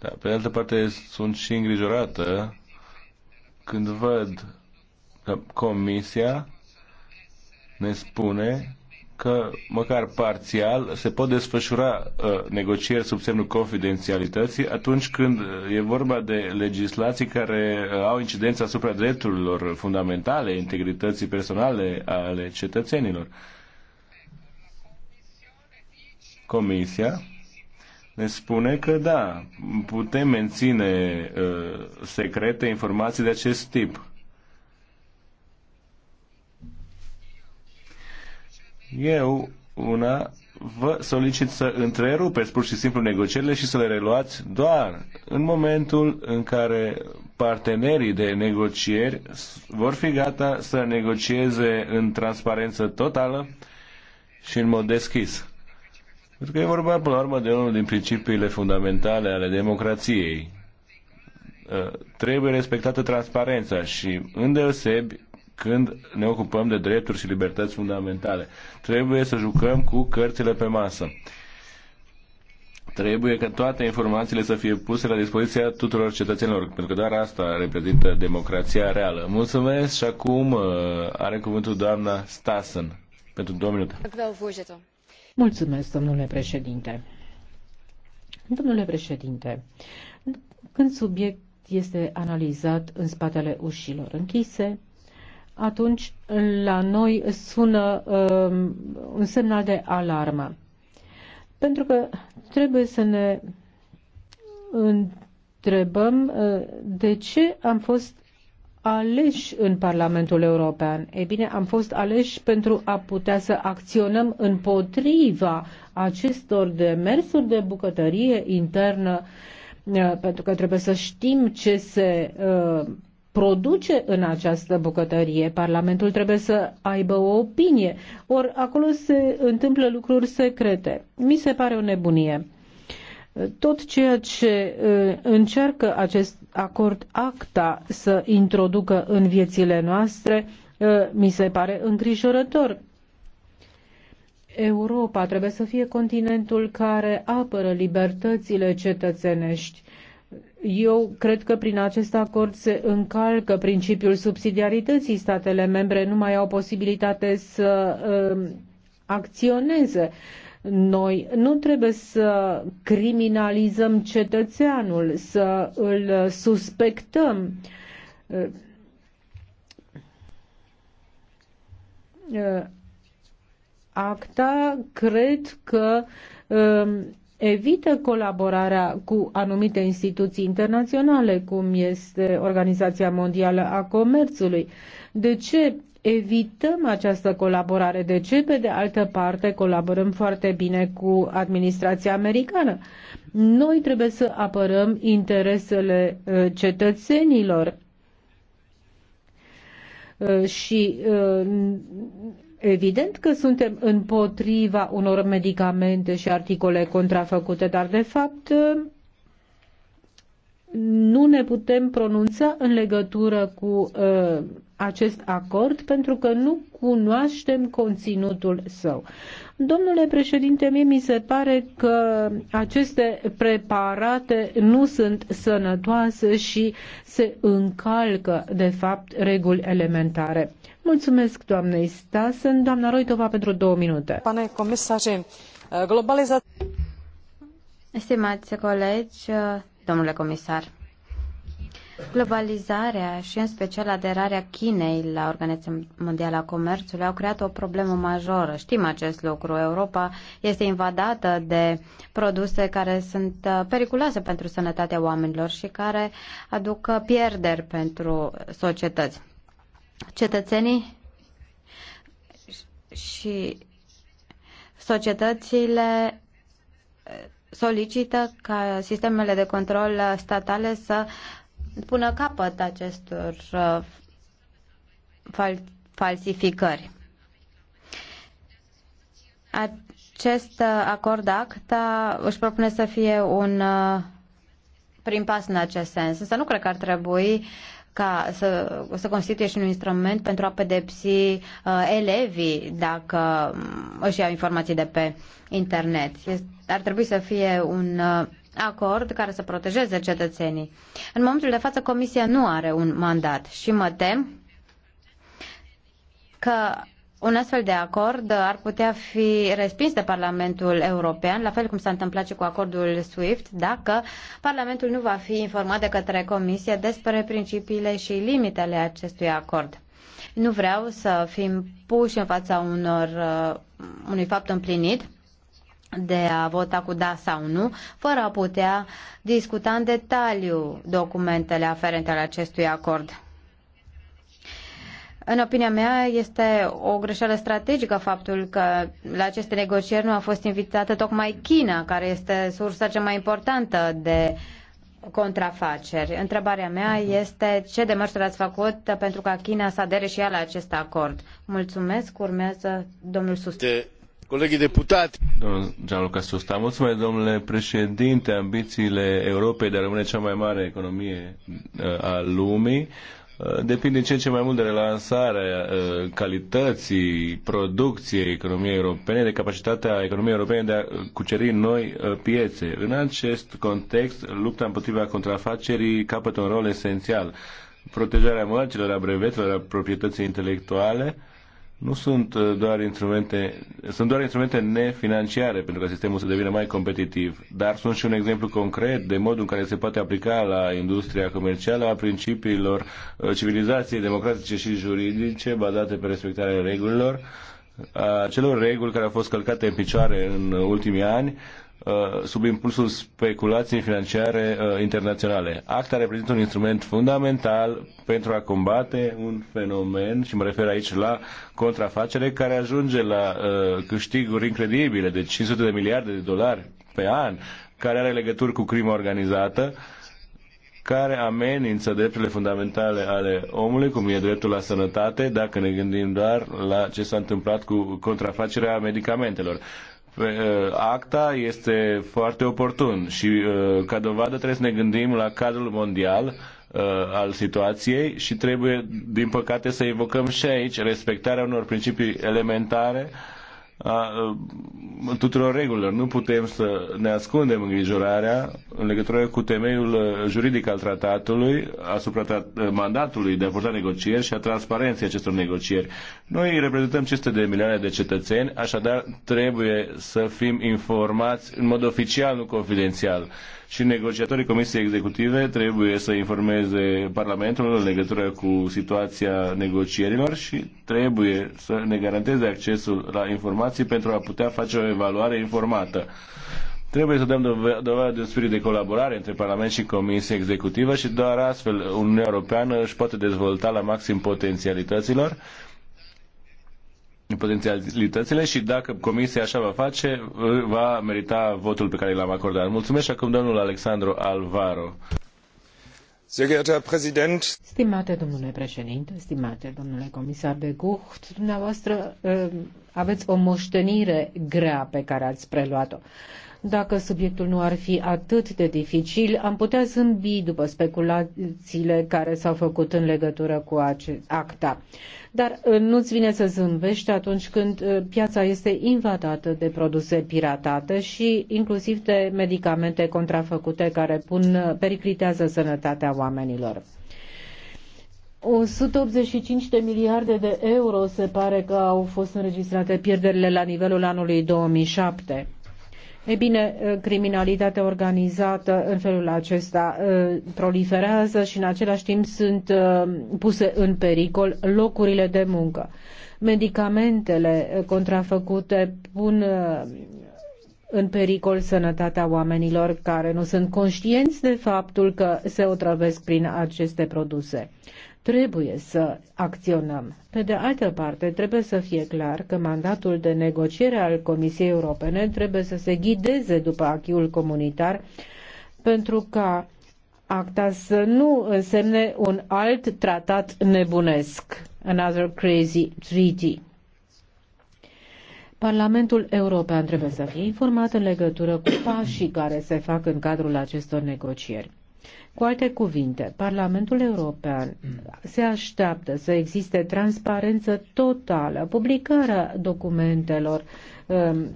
B: dar pe de altă parte sunt și îngrijorată când văd că comisia ne spune că, măcar parțial, se pot desfășura uh, negocieri sub semnul confidențialității atunci când uh, e vorba de legislații care uh, au incidență asupra drepturilor fundamentale, integrității personale ale cetățenilor. Comisia ne spune că da, putem menține uh, secrete informații de acest tip Eu, una, vă solicit să întrerupeți pur și simplu negocierile și să le reluați doar în momentul în care partenerii de negocieri vor fi gata să negocieze în transparență totală și în mod deschis. Pentru că e vorba, până la urmă, de unul din principiile fundamentale ale democrației. Ă, trebuie respectată transparența și, îndeosebi, când ne ocupăm de drepturi și libertăți fundamentale. Trebuie să jucăm cu cărțile pe masă. Trebuie ca toate informațiile să fie puse la dispoziția tuturor cetățenilor, pentru că doar asta reprezintă democrația reală. Mulțumesc și acum uh, are cuvântul doamna Stassen pentru două minute.
C: Mulțumesc, domnule președinte. Domnule președinte, când subiect este analizat în spatele ușilor închise, atunci la noi sună um, un semnal de alarmă. Pentru că trebuie să ne întrebăm uh, de ce am fost aleși în Parlamentul European. Ei bine, am fost aleși pentru a putea să acționăm împotriva acestor demersuri de bucătărie internă, uh, pentru că trebuie să știm ce se uh, produce în această bucătărie. Parlamentul trebuie să aibă o opinie. Ori acolo se întâmplă lucruri secrete. Mi se pare o nebunie. Tot ceea ce încearcă acest acord ACTA să introducă în viețile noastre mi se pare îngrijorător. Europa trebuie să fie continentul care apără libertățile cetățenești eu cred că prin acest acord se încalcă principiul subsidiarității. Statele membre nu mai au posibilitate să uh, acționeze. Noi nu trebuie să criminalizăm cetățeanul, să îl suspectăm. Uh, uh, acta cred că uh, evită colaborarea cu anumite instituții internaționale, cum este Organizația Mondială a Comerțului. De ce evităm această colaborare? De ce, pe de altă parte, colaborăm foarte bine cu administrația americană? Noi trebuie să apărăm interesele uh, cetățenilor uh, și uh, Evident că suntem împotriva unor medicamente și articole contrafăcute, dar de fapt nu ne putem pronunța în legătură cu uh, acest acord pentru că nu cunoaștem conținutul său. Domnule președinte, mie mi se pare că aceste preparate nu sunt sănătoase și se încalcă, de fapt, reguli elementare. Mulțumesc doamnei Stasen. Doamna Roitova pentru două minute. Pane comisare,
A: globalizat... Estimați colegi, domnule comisar, Globalizarea și în special aderarea Chinei la Organizația Mondială a Comerțului au creat o problemă majoră. Știm acest lucru. Europa este invadată de produse care sunt uh, periculoase pentru sănătatea oamenilor și care aduc uh, pierderi pentru societăți. Cetățenii și societățile uh, solicită ca sistemele de control statale să uh, pună capăt acestor uh, fal- falsificări. Acest uh, acord ACTA își propune să fie un uh, prim pas în acest sens, însă nu cred că ar trebui ca să, să constituie și un instrument pentru a pedepsi uh, elevii dacă um, își iau informații de pe internet. Este, ar trebui să fie un uh, acord care să protejeze cetățenii. În momentul de față, Comisia nu are un mandat și mă tem că un astfel de acord ar putea fi respins de Parlamentul European, la fel cum s-a întâmplat și cu acordul SWIFT, dacă Parlamentul nu va fi informat de către Comisie despre principiile și limitele acestui acord. Nu vreau să fim puși în fața unor, uh, unui fapt împlinit de a vota cu da sau nu, fără a putea discuta în detaliu documentele aferente ale acestui acord. În opinia mea, este o greșeală strategică faptul că la aceste negocieri nu a fost invitată tocmai China, care este sursa cea mai importantă de contrafaceri. Întrebarea mea este ce demersuri ați făcut pentru ca China să adere și ea la acest acord. Mulțumesc. Urmează domnul
B: Sustin colegii deputați. Gianluca Susta, mulțumesc, domnule președinte, ambițiile Europei de a rămâne cea mai mare economie uh, a lumii uh, depinde ce ce mai mult de relansarea uh, calității producției economiei europene, de capacitatea economiei europene de a cuceri noi piețe. În acest context, lupta împotriva contrafacerii capătă un rol esențial. Protejarea mărcilor, a brevetelor, a proprietății intelectuale, nu sunt uh, doar instrumente, sunt doar instrumente nefinanciare pentru ca sistemul să devină mai competitiv, dar sunt și un exemplu concret de modul în care se poate aplica la industria comercială a principiilor uh, civilizației democratice și juridice bazate pe respectarea regulilor, a celor reguli care au fost călcate în picioare în ultimii ani, Uh, sub impulsul speculației financiare uh, internaționale. Acta reprezintă un instrument fundamental pentru a combate un fenomen, și mă refer aici la contrafacere, care ajunge la uh, câștiguri incredibile de 500 de miliarde de dolari pe an, care are legături cu crima organizată, care amenință drepturile fundamentale ale omului, cum e dreptul la sănătate, dacă ne gândim doar la ce s-a întâmplat cu contrafacerea medicamentelor. Uh, acta este foarte oportun și uh, ca dovadă trebuie să ne gândim la cadrul mondial uh, al situației și trebuie, din păcate, să evocăm și aici respectarea unor principii elementare uh, a tuturor regulilor. Nu putem să ne ascundem îngrijorarea în legătură cu temeiul juridic al tratatului, asupra tra- mandatului de a purta negocieri și a transparenței acestor negocieri. Noi reprezentăm 500 de milioane de cetățeni, așadar trebuie să fim informați în mod oficial, nu confidențial. Și negociatorii Comisiei Executive trebuie să informeze Parlamentul în legătură cu situația negocierilor și trebuie să ne garanteze accesul la informații informații pentru a putea face o evaluare informată. Trebuie să dăm dovadă de un spirit de colaborare între Parlament și Comisie Executivă și doar astfel Uniunea Europeană își poate dezvolta la maxim potențialităților potențialitățile și dacă Comisia așa va face, va merita votul pe care l-am acordat. Mulțumesc și acum domnul Alexandru Alvaro.
C: Stimate domnule președinte, stimate domnule comisar de Gucht, dumneavoastră ehm, aveți o moștenire grea pe care ați preluat-o. Dacă subiectul nu ar fi atât de dificil, am putea zâmbi după speculațiile care s-au făcut în legătură cu acest acta. Dar uh, nu-ți vine să zâmbești atunci când uh, piața este invadată de produse piratate și inclusiv de medicamente contrafăcute care pun, uh, periclitează sănătatea oamenilor. 185 de miliarde de euro se pare că au fost înregistrate pierderile la nivelul anului 2007. E bine, criminalitatea organizată în felul acesta uh, proliferează și în același timp sunt uh, puse în pericol locurile de muncă. Medicamentele uh, contrafăcute pun în pericol sănătatea oamenilor care nu sunt conștienți de faptul că se otrăvesc prin aceste produse. Trebuie să acționăm. Pe de altă parte, trebuie să fie clar că mandatul de negociere al Comisiei Europene trebuie să se ghideze după achiul comunitar pentru ca acta să nu însemne un alt tratat nebunesc, another crazy treaty. Parlamentul European trebuie să fie informat în legătură cu pașii care se fac în cadrul acestor negocieri. Cu alte cuvinte, Parlamentul European se așteaptă să existe transparență totală, publicarea documentelor um,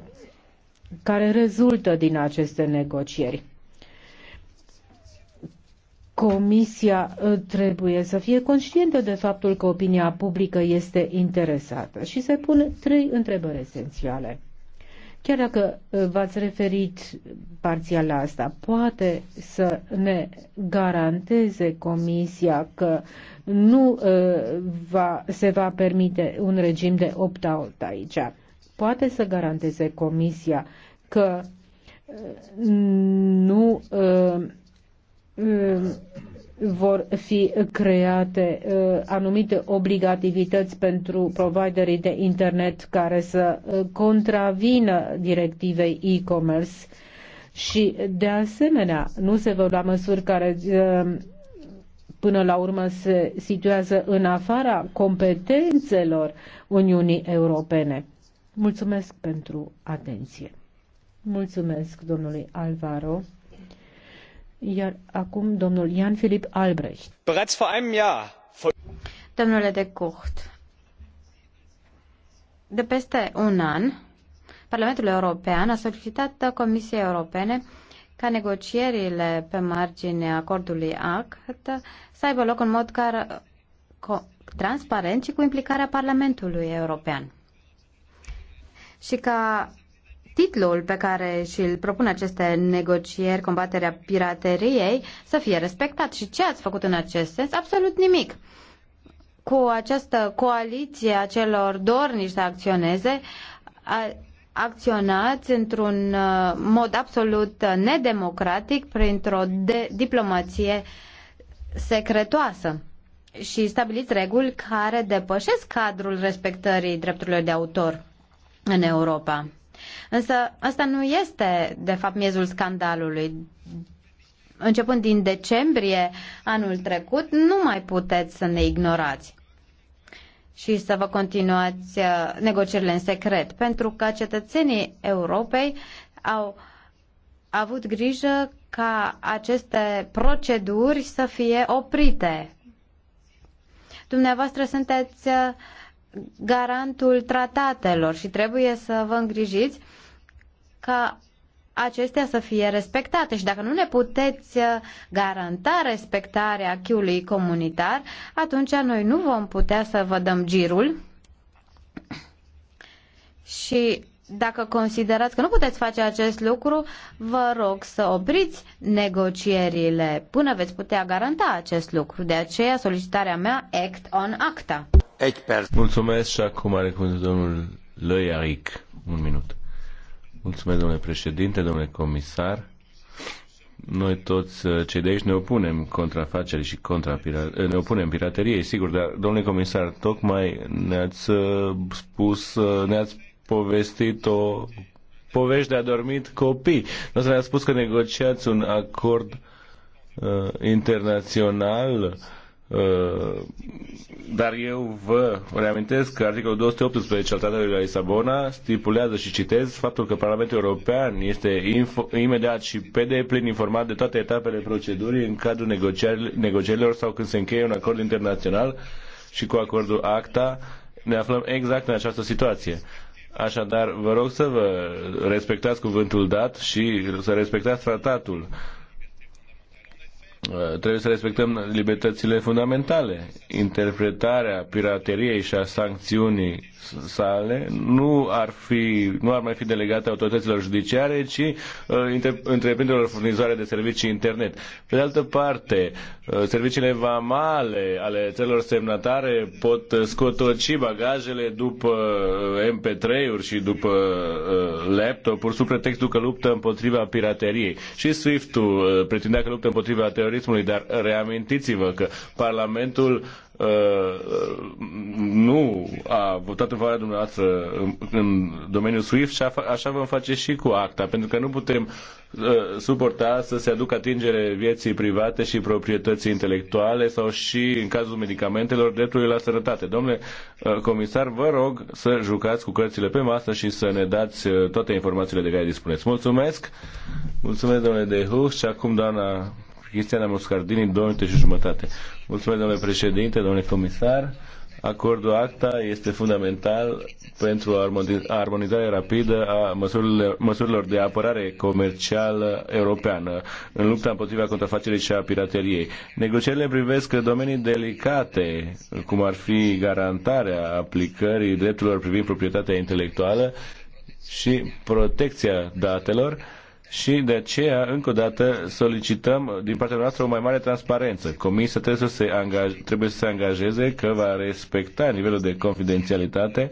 C: care rezultă din aceste negocieri. Comisia uh, trebuie să fie conștientă de faptul că opinia publică este interesată și se pun trei întrebări esențiale. Chiar dacă uh, v-ați referit parțial la asta, poate să ne garanteze Comisia că nu uh, va, se va permite un regim de opt-out aici. Poate să garanteze Comisia că uh, nu vor fi create uh, anumite obligativități pentru providerii de internet care să uh, contravină directivei e-commerce și de asemenea nu se vor lua măsuri care uh, până la urmă se situează în afara competențelor Uniunii Europene. Mulțumesc pentru atenție. Mulțumesc domnului Alvaro. Iar acum
A: domnul Jan Albrecht. Bereits vor einem Jahr. Domnule de Cucht, de peste un an, Parlamentul European a solicitat Comisiei Europene ca negocierile pe marginea acordului ACT să aibă loc în mod transparent și cu implicarea Parlamentului European. Și ca titlul pe care și-l propun aceste negocieri, combaterea pirateriei, să fie respectat. Și ce ați făcut în acest sens? Absolut nimic. Cu această coaliție a celor dornici să acționeze, a, acționați într-un uh, mod absolut nedemocratic printr-o de- diplomație secretoasă și stabiliți reguli care depășesc cadrul respectării drepturilor de autor în Europa. Însă asta nu este, de fapt, miezul scandalului. Începând din decembrie anul trecut, nu mai puteți să ne ignorați și să vă continuați uh, negocierile în secret, pentru că cetățenii Europei au avut grijă ca aceste proceduri să fie oprite. Dumneavoastră sunteți uh, garantul tratatelor și trebuie să vă îngrijiți ca acestea să fie respectate și dacă nu ne puteți uh, garanta respectarea chiului comunitar, atunci noi nu vom putea să vă dăm girul și dacă considerați că nu puteți face acest lucru, vă rog să opriți negocierile până veți putea garanta acest lucru. De aceea solicitarea mea act on acta.
B: Mulțumesc și acum are cuvântul domnul Lăiaric. Un minut. Mulțumesc, domnule președinte, domnule comisar. Noi toți uh, cei de aici ne opunem contrafacerii și contra uh, ne opunem pirateriei, sigur, dar, domnule comisar, tocmai ne-ați uh, spus, ne-ați povestit o povești de adormit copii. Nu ne-ați spus că negociați un acord uh, internațional uh, Uh, dar eu vă reamintesc că articolul 218 al Tratatului de la Lisabona stipulează și citez faptul că Parlamentul European este imediat și pe deplin informat de toate etapele procedurii în cadrul negocierilor sau când se încheie un acord internațional și cu acordul ACTA ne aflăm exact în această situație. Așadar, vă rog să vă respectați cuvântul dat și să respectați tratatul Uh, trebuie să respectăm libertățile fundamentale. Interpretarea pirateriei și a sancțiunii sale nu ar, fi, nu ar mai fi delegate autorităților judiciare, ci uh, întreprinderilor furnizoare de servicii internet. Pe de altă parte, uh, serviciile vamale ale țărilor semnatare pot scotoci bagajele după uh, MP3-uri și după uh, pur sub pretextul că luptă împotriva pirateriei. Și SWIFT-ul uh, pretindea că luptă împotriva terorismului, dar reamintiți-vă că Parlamentul uh, Uh, uh, nu a votat în favoarea dumneavoastră în, în domeniul SWIFT și așa vom face și cu acta, pentru că nu putem uh, suporta să se aducă atingere vieții private și proprietății intelectuale sau și, în cazul medicamentelor, dreptului la sănătate. Domnule comisar, vă rog să jucați cu cărțile pe masă și să ne dați toate informațiile de care dispuneți. Mulțumesc! Mulțumesc, domnule Dehu și acum doamna Cristiana Moscardini două minute și jumătate. Mulțumesc, domnule președinte, domnule comisar. Acordul ACTA este fundamental pentru armonizarea rapidă a măsurilor de apărare comercială europeană în lupta împotriva contrafacerii și a pirateriei. Negocierile privesc domenii delicate, cum ar fi garantarea aplicării drepturilor privind proprietatea intelectuală și protecția datelor, și de aceea, încă o dată, solicităm din partea noastră o mai mare transparență. Comisia trebuie să se, angaj- trebuie să se angajeze că va respecta nivelul de confidențialitate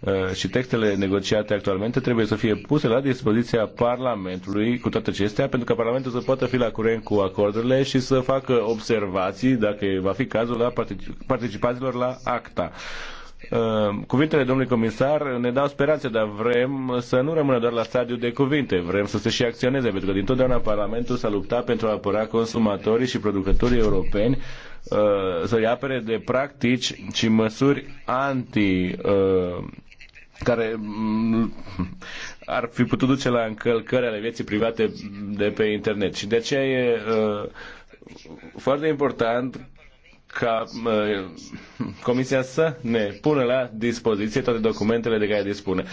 B: uh, și textele negociate actualmente trebuie să fie puse la dispoziția Parlamentului cu toate acestea, pentru că Parlamentul să poată fi la curent cu acordurile și să facă observații, dacă va fi cazul, la particip- participanților la acta. Uh, cuvintele domnului comisar ne dau speranțe, dar vrem să nu rămână doar la stadiu de cuvinte, vrem să se și acționeze, pentru că totdeauna Parlamentul s-a luptat pentru a apăra consumatorii și producătorii europeni uh, să-i apere de practici și măsuri anti uh, care mm, ar fi putut duce la încălcări ale vieții private de pe internet. Și de aceea e foarte important ca uh, Comisia să ne pună la dispoziție toate documentele de care dispune.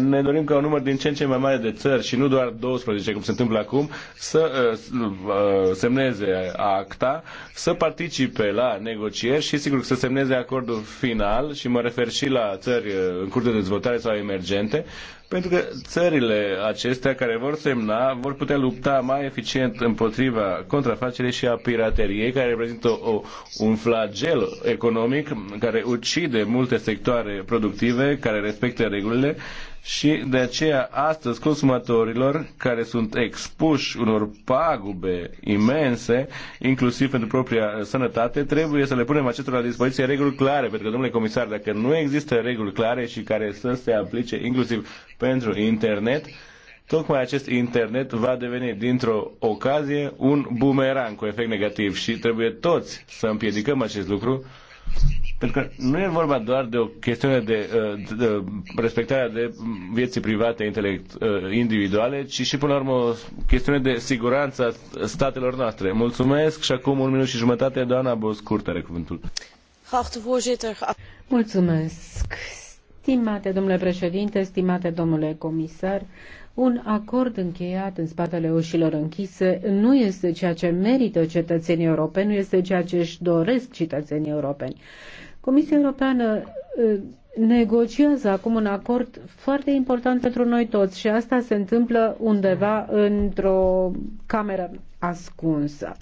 B: Ne dorim ca un număr din ce în ce mai mare de țări și nu doar 12, cum se întâmplă acum, să uh, uh, semneze acta, să participe la negocieri și sigur să semneze acordul final și mă refer și la țări uh, în curs de dezvoltare sau emergente, pentru că țările acestea care vor semna vor putea lupta mai eficient împotriva contrafacerii și a pirateriei, care reprezintă o, un flagel economic care ucide multe sectoare productive care respectă regulile și de aceea astăzi consumatorilor care sunt expuși unor pagube imense, inclusiv pentru propria sănătate, trebuie să le punem acestor la dispoziție reguli clare, pentru că, domnule comisar, dacă nu există reguli clare și care să se aplice inclusiv pentru internet, tocmai acest internet va deveni dintr-o ocazie un bumerang cu efect negativ și trebuie toți să împiedicăm acest lucru pentru că nu e vorba doar de o chestiune de, uh, de uh, respectarea de vieții private intelect, uh, individuale, ci și până la urmă o chestiune de siguranță a statelor noastre. Mulțumesc și acum un minut și jumătate, doamna Boscurt are cuvântul.
C: Mulțumesc. Stimate domnule președinte, stimate domnule comisar, un acord încheiat în spatele ușilor închise nu este ceea ce merită cetățenii europeni, nu este ceea ce își doresc cetățenii europeni. Comisia Europeană ă, negociază acum un acord foarte important pentru noi toți și asta se întâmplă undeva într-o cameră ascunsă.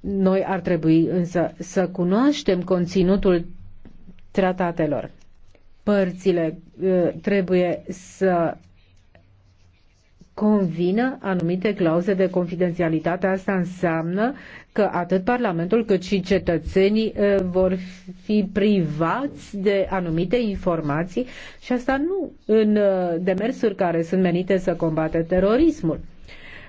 C: Noi ar trebui însă să cunoaștem conținutul tratatelor. Părțile ă, trebuie să convină anumite clauze de confidențialitate. Asta înseamnă că atât Parlamentul cât și cetățenii uh, vor fi privați de anumite informații și asta nu în uh, demersuri care sunt menite să combate terorismul.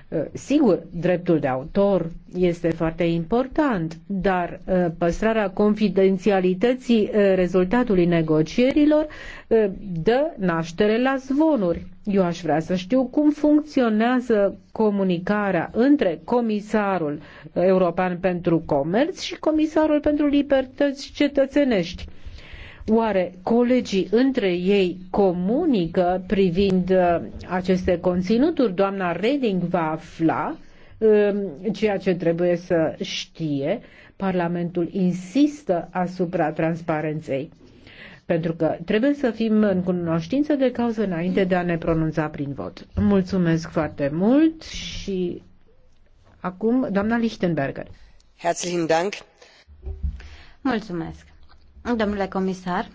C: Uh, sigur, dreptul de autor este foarte important, dar uh, păstrarea confidențialității uh, rezultatului negocierilor dă naștere la zvonuri. Eu aș vrea să știu cum funcționează comunicarea între Comisarul European pentru Comerț și Comisarul pentru Libertăți Cetățenești. Oare colegii între ei comunică privind uh, aceste conținuturi? Doamna Reding va afla um, ceea ce trebuie să știe. Parlamentul insistă asupra transparenței. Pentru că trebuie să fim în cunoștință de cauză înainte de a ne pronunța prin vot. Mulțumesc
A: foarte mult și acum doamna Lichtenberger.
B: Herzlichen Dank.
A: Mulțumesc. Domnule comisar,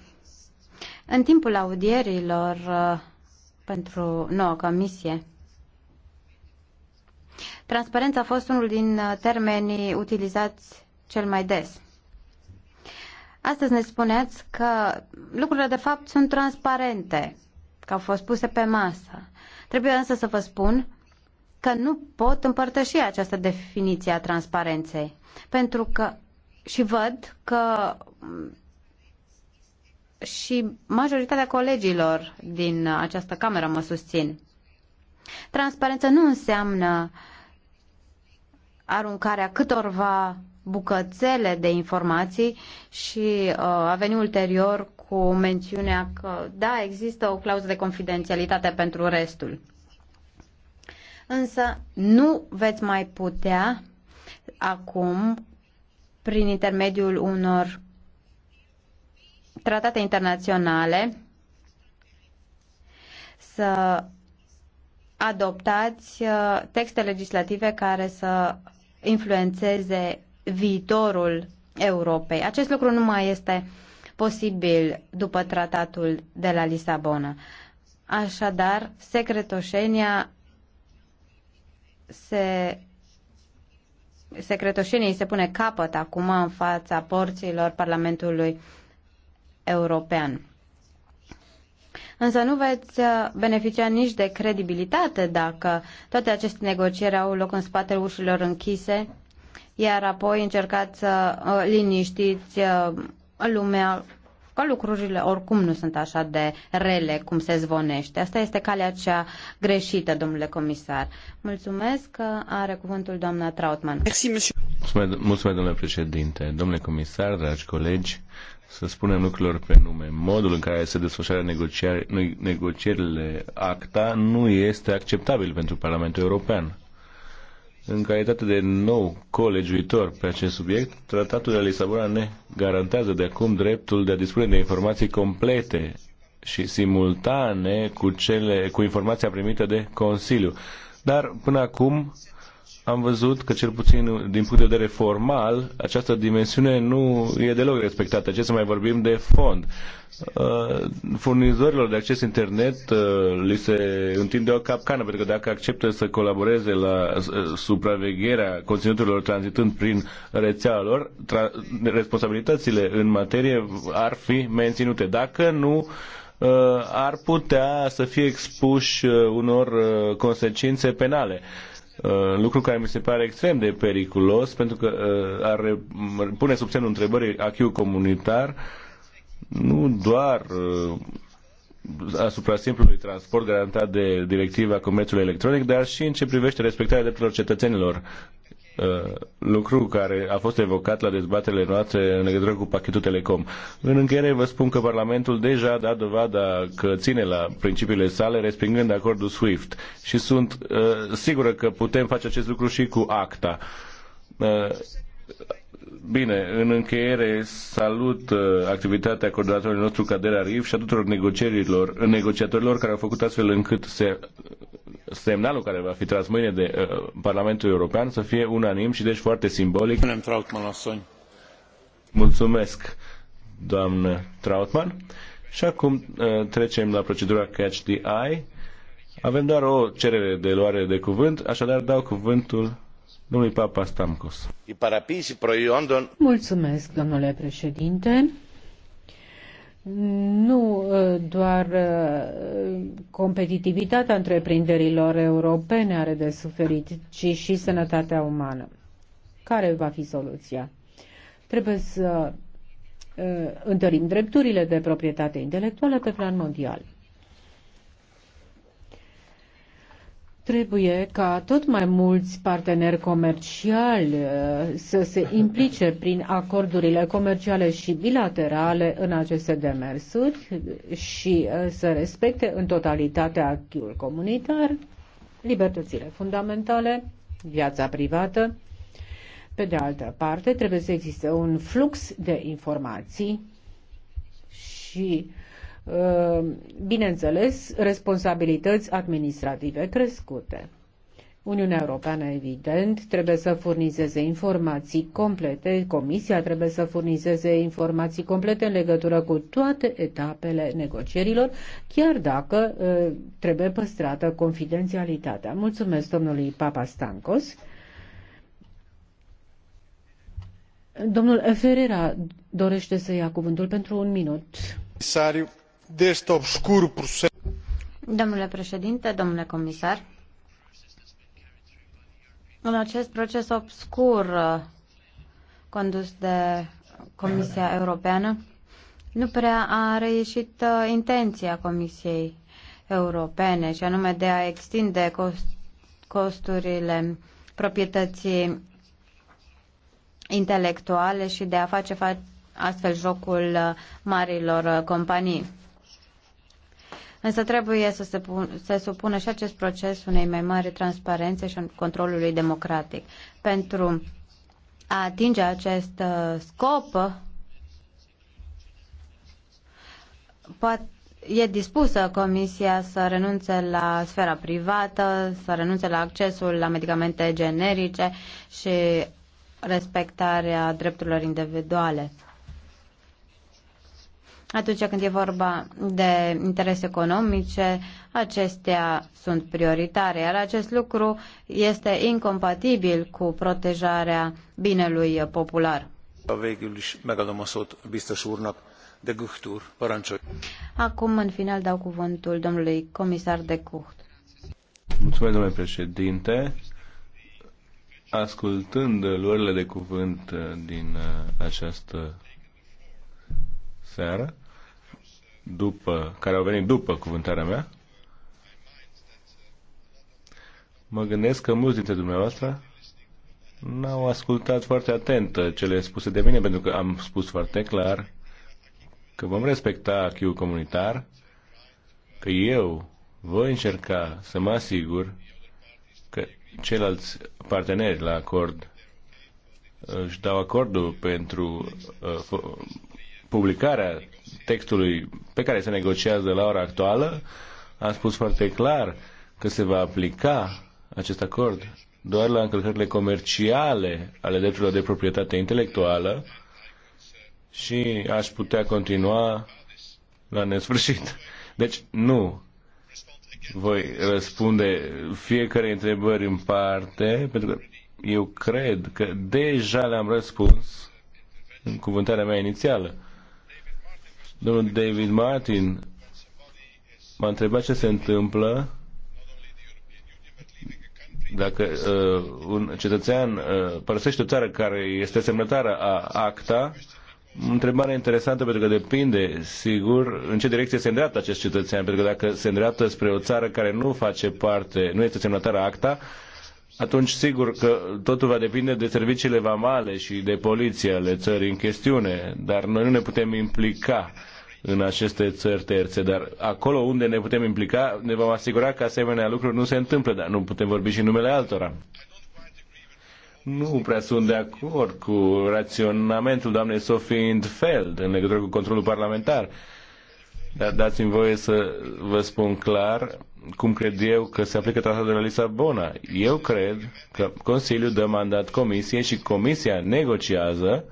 A: în timpul audierilor uh, pentru noua comisie, transparența a fost unul din uh, termenii utilizați cel mai des. Astăzi ne spuneți că lucrurile de fapt sunt transparente, că au fost puse pe masă. Trebuie însă să vă spun că nu pot împărtăși această definiție a transparenței, pentru că și văd că și majoritatea colegilor din această cameră mă susțin. Transparență nu înseamnă aruncarea câtorva bucățele de informații și uh, a venit ulterior cu mențiunea că, da, există o clauză de confidențialitate pentru restul. Însă nu veți mai putea acum, prin intermediul unor tratate internaționale să adoptați uh, texte legislative care să influențeze viitorul Europei. Acest lucru nu mai este posibil după tratatul de la Lisabona. Așadar, secretoșenia se secretoșeniei se pune capăt acum în fața porților Parlamentului european. Însă nu veți uh, beneficia nici de credibilitate dacă toate aceste negocieri au loc în spatele ușilor închise, iar apoi încercați să uh, liniștiți uh, lumea că lucrurile oricum nu sunt așa de rele cum se zvonește. Asta este calea cea greșită, domnule comisar. Mulțumesc că are cuvântul doamna Trautmann. Mulțumesc,
B: mulțumesc, domnule președinte, domnule comisar, dragi colegi să spunem lucrurilor pe nume. Modul în care se desfășoară negocierile ACTA nu este acceptabil pentru Parlamentul European. În calitate de nou colegiuitor pe acest subiect, tratatul de la Lisabona ne garantează de acum dreptul de a dispune de informații complete și simultane cu, cele, cu informația primită de Consiliu. Dar până acum am văzut că, cel puțin din punct de vedere formal, această dimensiune nu e deloc respectată. Ce să mai vorbim de fond? Uh, furnizorilor de acces internet uh, li se întinde o capcană, pentru că dacă acceptă să colaboreze la uh, supravegherea conținuturilor tranzitând prin rețeaua lor, responsabilitățile în materie ar fi menținute. Dacă nu, ar putea să fie expuși unor consecințe penale. Uh, lucru care mi se pare extrem de periculos pentru că uh, are, pune sub semnul întrebării acquis comunitar nu doar uh, asupra simplului transport garantat de directiva comerțului electronic, dar și în ce privește respectarea drepturilor cetățenilor Uh, lucru care a fost evocat la dezbatele noastre în legătură cu pachetul Telecom. În încheiere vă spun că Parlamentul deja a dat dovada că ține la principiile sale respingând acordul SWIFT și sunt uh, sigură că putem face acest lucru și cu ACTA. Uh, Bine, în încheiere salut uh, activitatea coordonatorului nostru Cadera Rif și a tuturor negocierilor, negociatorilor care au făcut astfel încât se semnalul care va fi tras mâine de uh, Parlamentul European să fie unanim și deci foarte simbolic. Mulțumesc, doamnă Trautmann. Și acum uh, trecem la procedura Catch the Eye. Avem doar o cerere de luare de cuvânt, așadar dau cuvântul domnului Papa Stamkos.
C: Mulțumesc, domnule președinte nu ă, doar ă, competitivitatea întreprinderilor europene are de suferit, ci și sănătatea umană. Care va fi soluția? Trebuie să ă, întărim drepturile de proprietate intelectuală pe plan mondial. Trebuie ca tot mai mulți parteneri comerciali uh, să se implice prin acordurile comerciale și bilaterale în aceste demersuri și uh, să respecte în totalitate acquis comunitar, libertățile fundamentale, viața privată. Pe de altă parte, trebuie să existe un flux de informații și Uh, bineînțeles, responsabilități administrative crescute. Uniunea Europeană, evident, trebuie să furnizeze informații complete, Comisia trebuie să furnizeze informații complete în legătură cu toate etapele negocierilor, chiar dacă uh, trebuie păstrată confidențialitatea. Mulțumesc domnului Papa Stancos. Domnul Ferreira dorește să ia cuvântul pentru un minut
A: deste obscur Domnule președinte, domnule comisar, în acest proces obscur uh, condus de Comisia Europeană, nu prea a reieșit uh, intenția Comisiei Europene, și anume de a extinde costurile proprietății intelectuale și de a face astfel jocul uh, marilor companii. Însă trebuie să se, pun, să supună și acest proces unei mai mari transparențe și controlului democratic. Pentru a atinge acest uh, scop, poate e dispusă Comisia să renunțe la sfera privată, să renunțe la accesul la medicamente generice și respectarea drepturilor individuale. Atunci când e vorba de interese economice, acestea sunt prioritare, iar acest lucru este incompatibil cu protejarea binelui popular. Acum, în final, dau cuvântul domnului comisar de Cucht.
B: Mulțumesc, domnule președinte ascultând luările de cuvânt din uh, această seară, după, care au venit după cuvântarea mea, mă gândesc că mulți dintre dumneavoastră n-au ascultat foarte atent cele spuse de mine, pentru că am spus foarte clar că vom respecta acquis comunitar, că eu voi încerca să mă asigur că ceilalți parteneri la acord își dau acordul pentru uh, publicarea textului pe care se negociază la ora actuală, a spus foarte clar că se va aplica acest acord doar la încălcările comerciale ale drepturilor de proprietate intelectuală și aș putea continua la nesfârșit. Deci, nu voi răspunde fiecare întrebări în parte, pentru că eu cred că deja le-am răspuns în cuvântarea mea inițială. Domnul David Martin m-a întrebat ce se întâmplă dacă uh, un cetățean uh, părăsește o țară care este semnătară a ACTA, întrebare interesantă pentru că depinde, sigur, în ce direcție se îndreaptă acest cetățean, pentru că dacă se îndreaptă spre o țară care nu face parte, nu este semnătară a ACTA, atunci sigur că totul va depinde de serviciile vamale și de poliție ale țării în chestiune, dar noi nu ne putem implica în aceste țări terțe, dar acolo unde ne putem implica, ne vom asigura că asemenea lucruri nu se întâmplă, dar nu putem vorbi și numele altora. Nu prea sunt de acord cu raționamentul doamnei Sophie Feld în legătură cu controlul parlamentar. Dar dați-mi voie să vă spun clar cum cred eu că se aplică tratatul de la Lisabona. Eu cred că Consiliul dă mandat Comisiei și Comisia negociază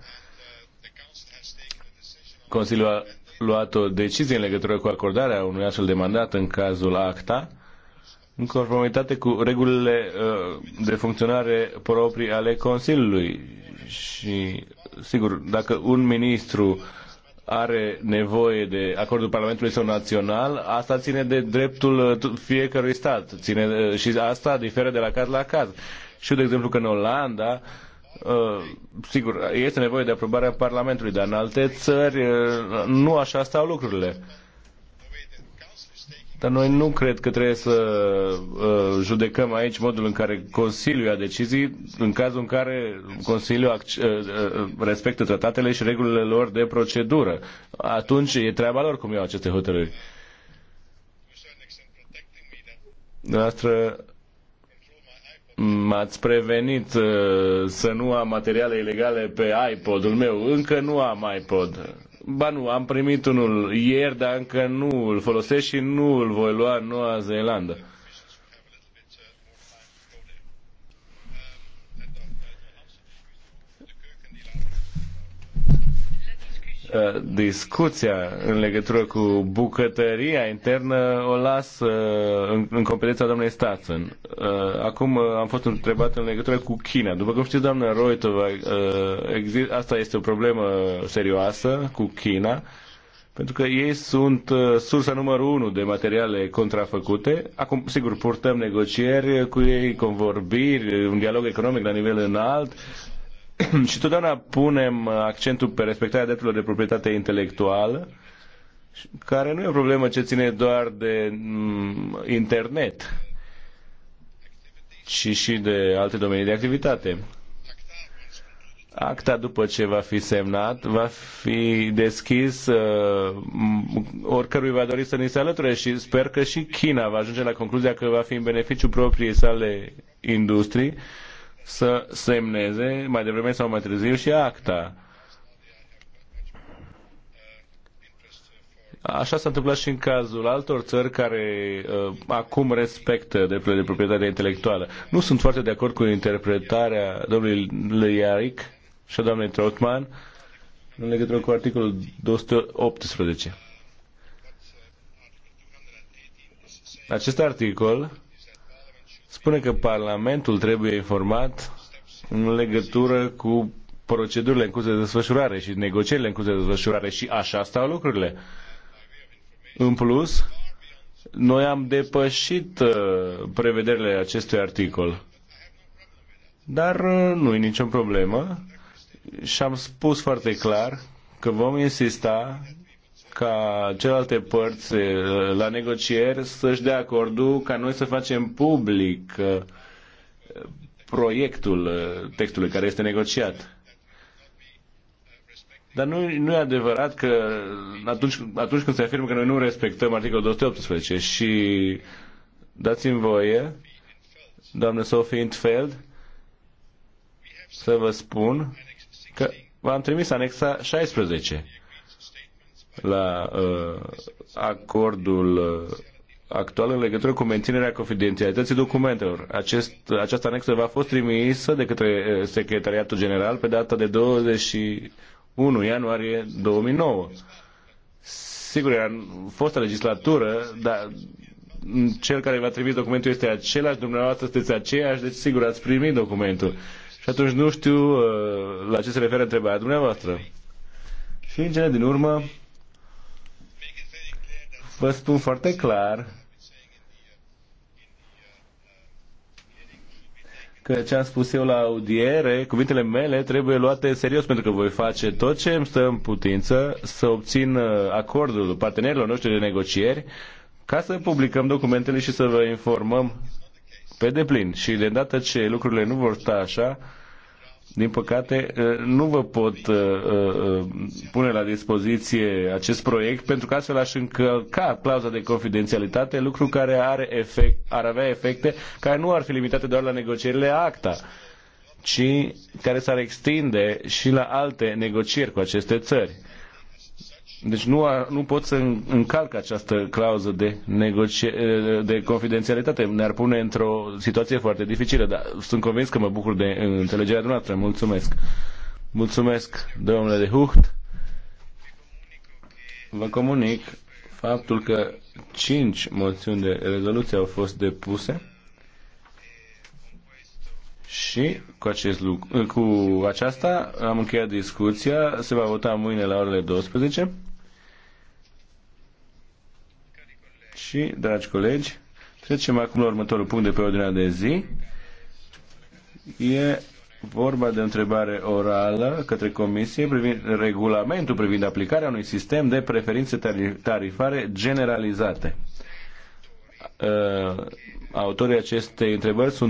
B: Consiliul luat o decizie în legătură cu acordarea unui astfel de mandat în cazul ACTA, în conformitate cu regulile uh, de funcționare proprii ale Consiliului. Și, sigur, dacă un ministru are nevoie de acordul Parlamentului său național, asta ține de dreptul uh, fiecărui stat ține, uh, și asta diferă de la caz la caz. Știu, de exemplu, că în Olanda Uh, sigur, este nevoie de aprobarea Parlamentului, dar în alte țări uh, nu așa stau lucrurile. Dar noi nu cred că trebuie să uh, judecăm aici modul în care Consiliul ia decizii, în cazul în care Consiliul ac- uh, uh, respectă tratatele și regulile lor de procedură. Atunci e treaba lor cum iau aceste hotărâri. Noastră m-ați prevenit uh, să nu am materiale ilegale pe iPod-ul meu. Încă nu am iPod. Ba nu, am primit unul ieri, dar încă nu îl folosesc și nu îl voi lua în Noua Zeelandă. Uh, discuția în legătură cu bucătăria internă o las uh, în, în competența doamnei Stațen. Uh, acum am fost întrebat în legătură cu China. După cum știți, doamna Roitova, asta este o problemă serioasă cu China, pentru că ei sunt sursa numărul unu de materiale contrafăcute. Acum, sigur, purtăm negocieri cu ei, convorbiri, un dialog economic la nivel înalt, și totdeauna punem accentul pe respectarea drepturilor de proprietate intelectuală, care nu e o problemă ce ține doar de mm, internet, ci și de alte domenii de activitate. Acta, după ce va fi semnat, va fi deschis uh, oricărui va dori să ni se alăture și sper că și China va ajunge la concluzia că va fi în beneficiu propriei sale industrii uh, să semneze mai devreme sau mai târziu și acta. Așa s-a întâmplat și în cazul altor țări care uh, acum respectă drepturile de proprietate intelectuală. Nu sunt foarte de acord cu interpretarea domnului Leiaric și a doamnei Trotman în legătură cu articolul 218. Acest articol spune că Parlamentul trebuie informat în legătură cu procedurile în curs de desfășurare și negocierile în curs de desfășurare și așa stau lucrurile. În plus, noi am depășit uh, prevederile acestui articol. Dar uh, nu e nicio problemă și am spus foarte clar că vom insista ca celelalte părți eh, la negocieri să-și dea acordul ca noi să facem public eh, proiectul eh, textului care este negociat. Dar nu, nu e adevărat că atunci, atunci când se afirmă că noi nu respectăm articolul 218 și dați-mi voie, doamnă Sophie Intfeld, să vă spun că v-am trimis anexa 16 la uh, acordul uh, actual în legătură cu menținerea confidențialității documentelor. Acest, această anexă va fost trimisă de către uh, Secretariatul General pe data de 21 ianuarie 2009. Sigur, era fosta legislatură, dar cel care v-a trimis documentul este același, dumneavoastră sunteți aceeași, deci sigur ați primit documentul. Și atunci nu știu uh, la ce se referă întrebarea dumneavoastră. Și în cele din urmă, vă spun foarte clar că ce am spus eu la audiere, cuvintele mele trebuie luate serios pentru că voi face tot ce îmi stă în putință să obțin uh, acordul partenerilor noștri de negocieri ca să publicăm documentele și să vă informăm pe deplin. Și de îndată ce lucrurile nu vor sta așa, din păcate, uh, nu vă pot uh, uh, pune la dispoziție acest proiect pentru că astfel aș încălca clauza de confidențialitate, lucru care are efect, ar avea efecte care nu ar fi limitate doar la negocierile ACTA, ci care s-ar extinde și la alte negocieri cu aceste țări. Deci nu, nu pot să încalc această clauză de, negocie, de confidențialitate. Ne-ar pune într-o situație foarte dificilă, dar sunt convins că mă bucur de înțelegerea dumneavoastră. Mulțumesc. Mulțumesc, domnule de Hucht. Vă comunic faptul că cinci moțiuni de rezoluție au fost depuse și cu, acest lucru, cu aceasta am încheiat discuția. Se va vota mâine la orele 12. Și, dragi colegi, trecem acum la următorul punct de pe ordinea de zi. E vorba de întrebare orală către Comisie privind regulamentul privind aplicarea unui sistem de preferințe tarifare generalizate. Uh, autorii acestei întrebări sunt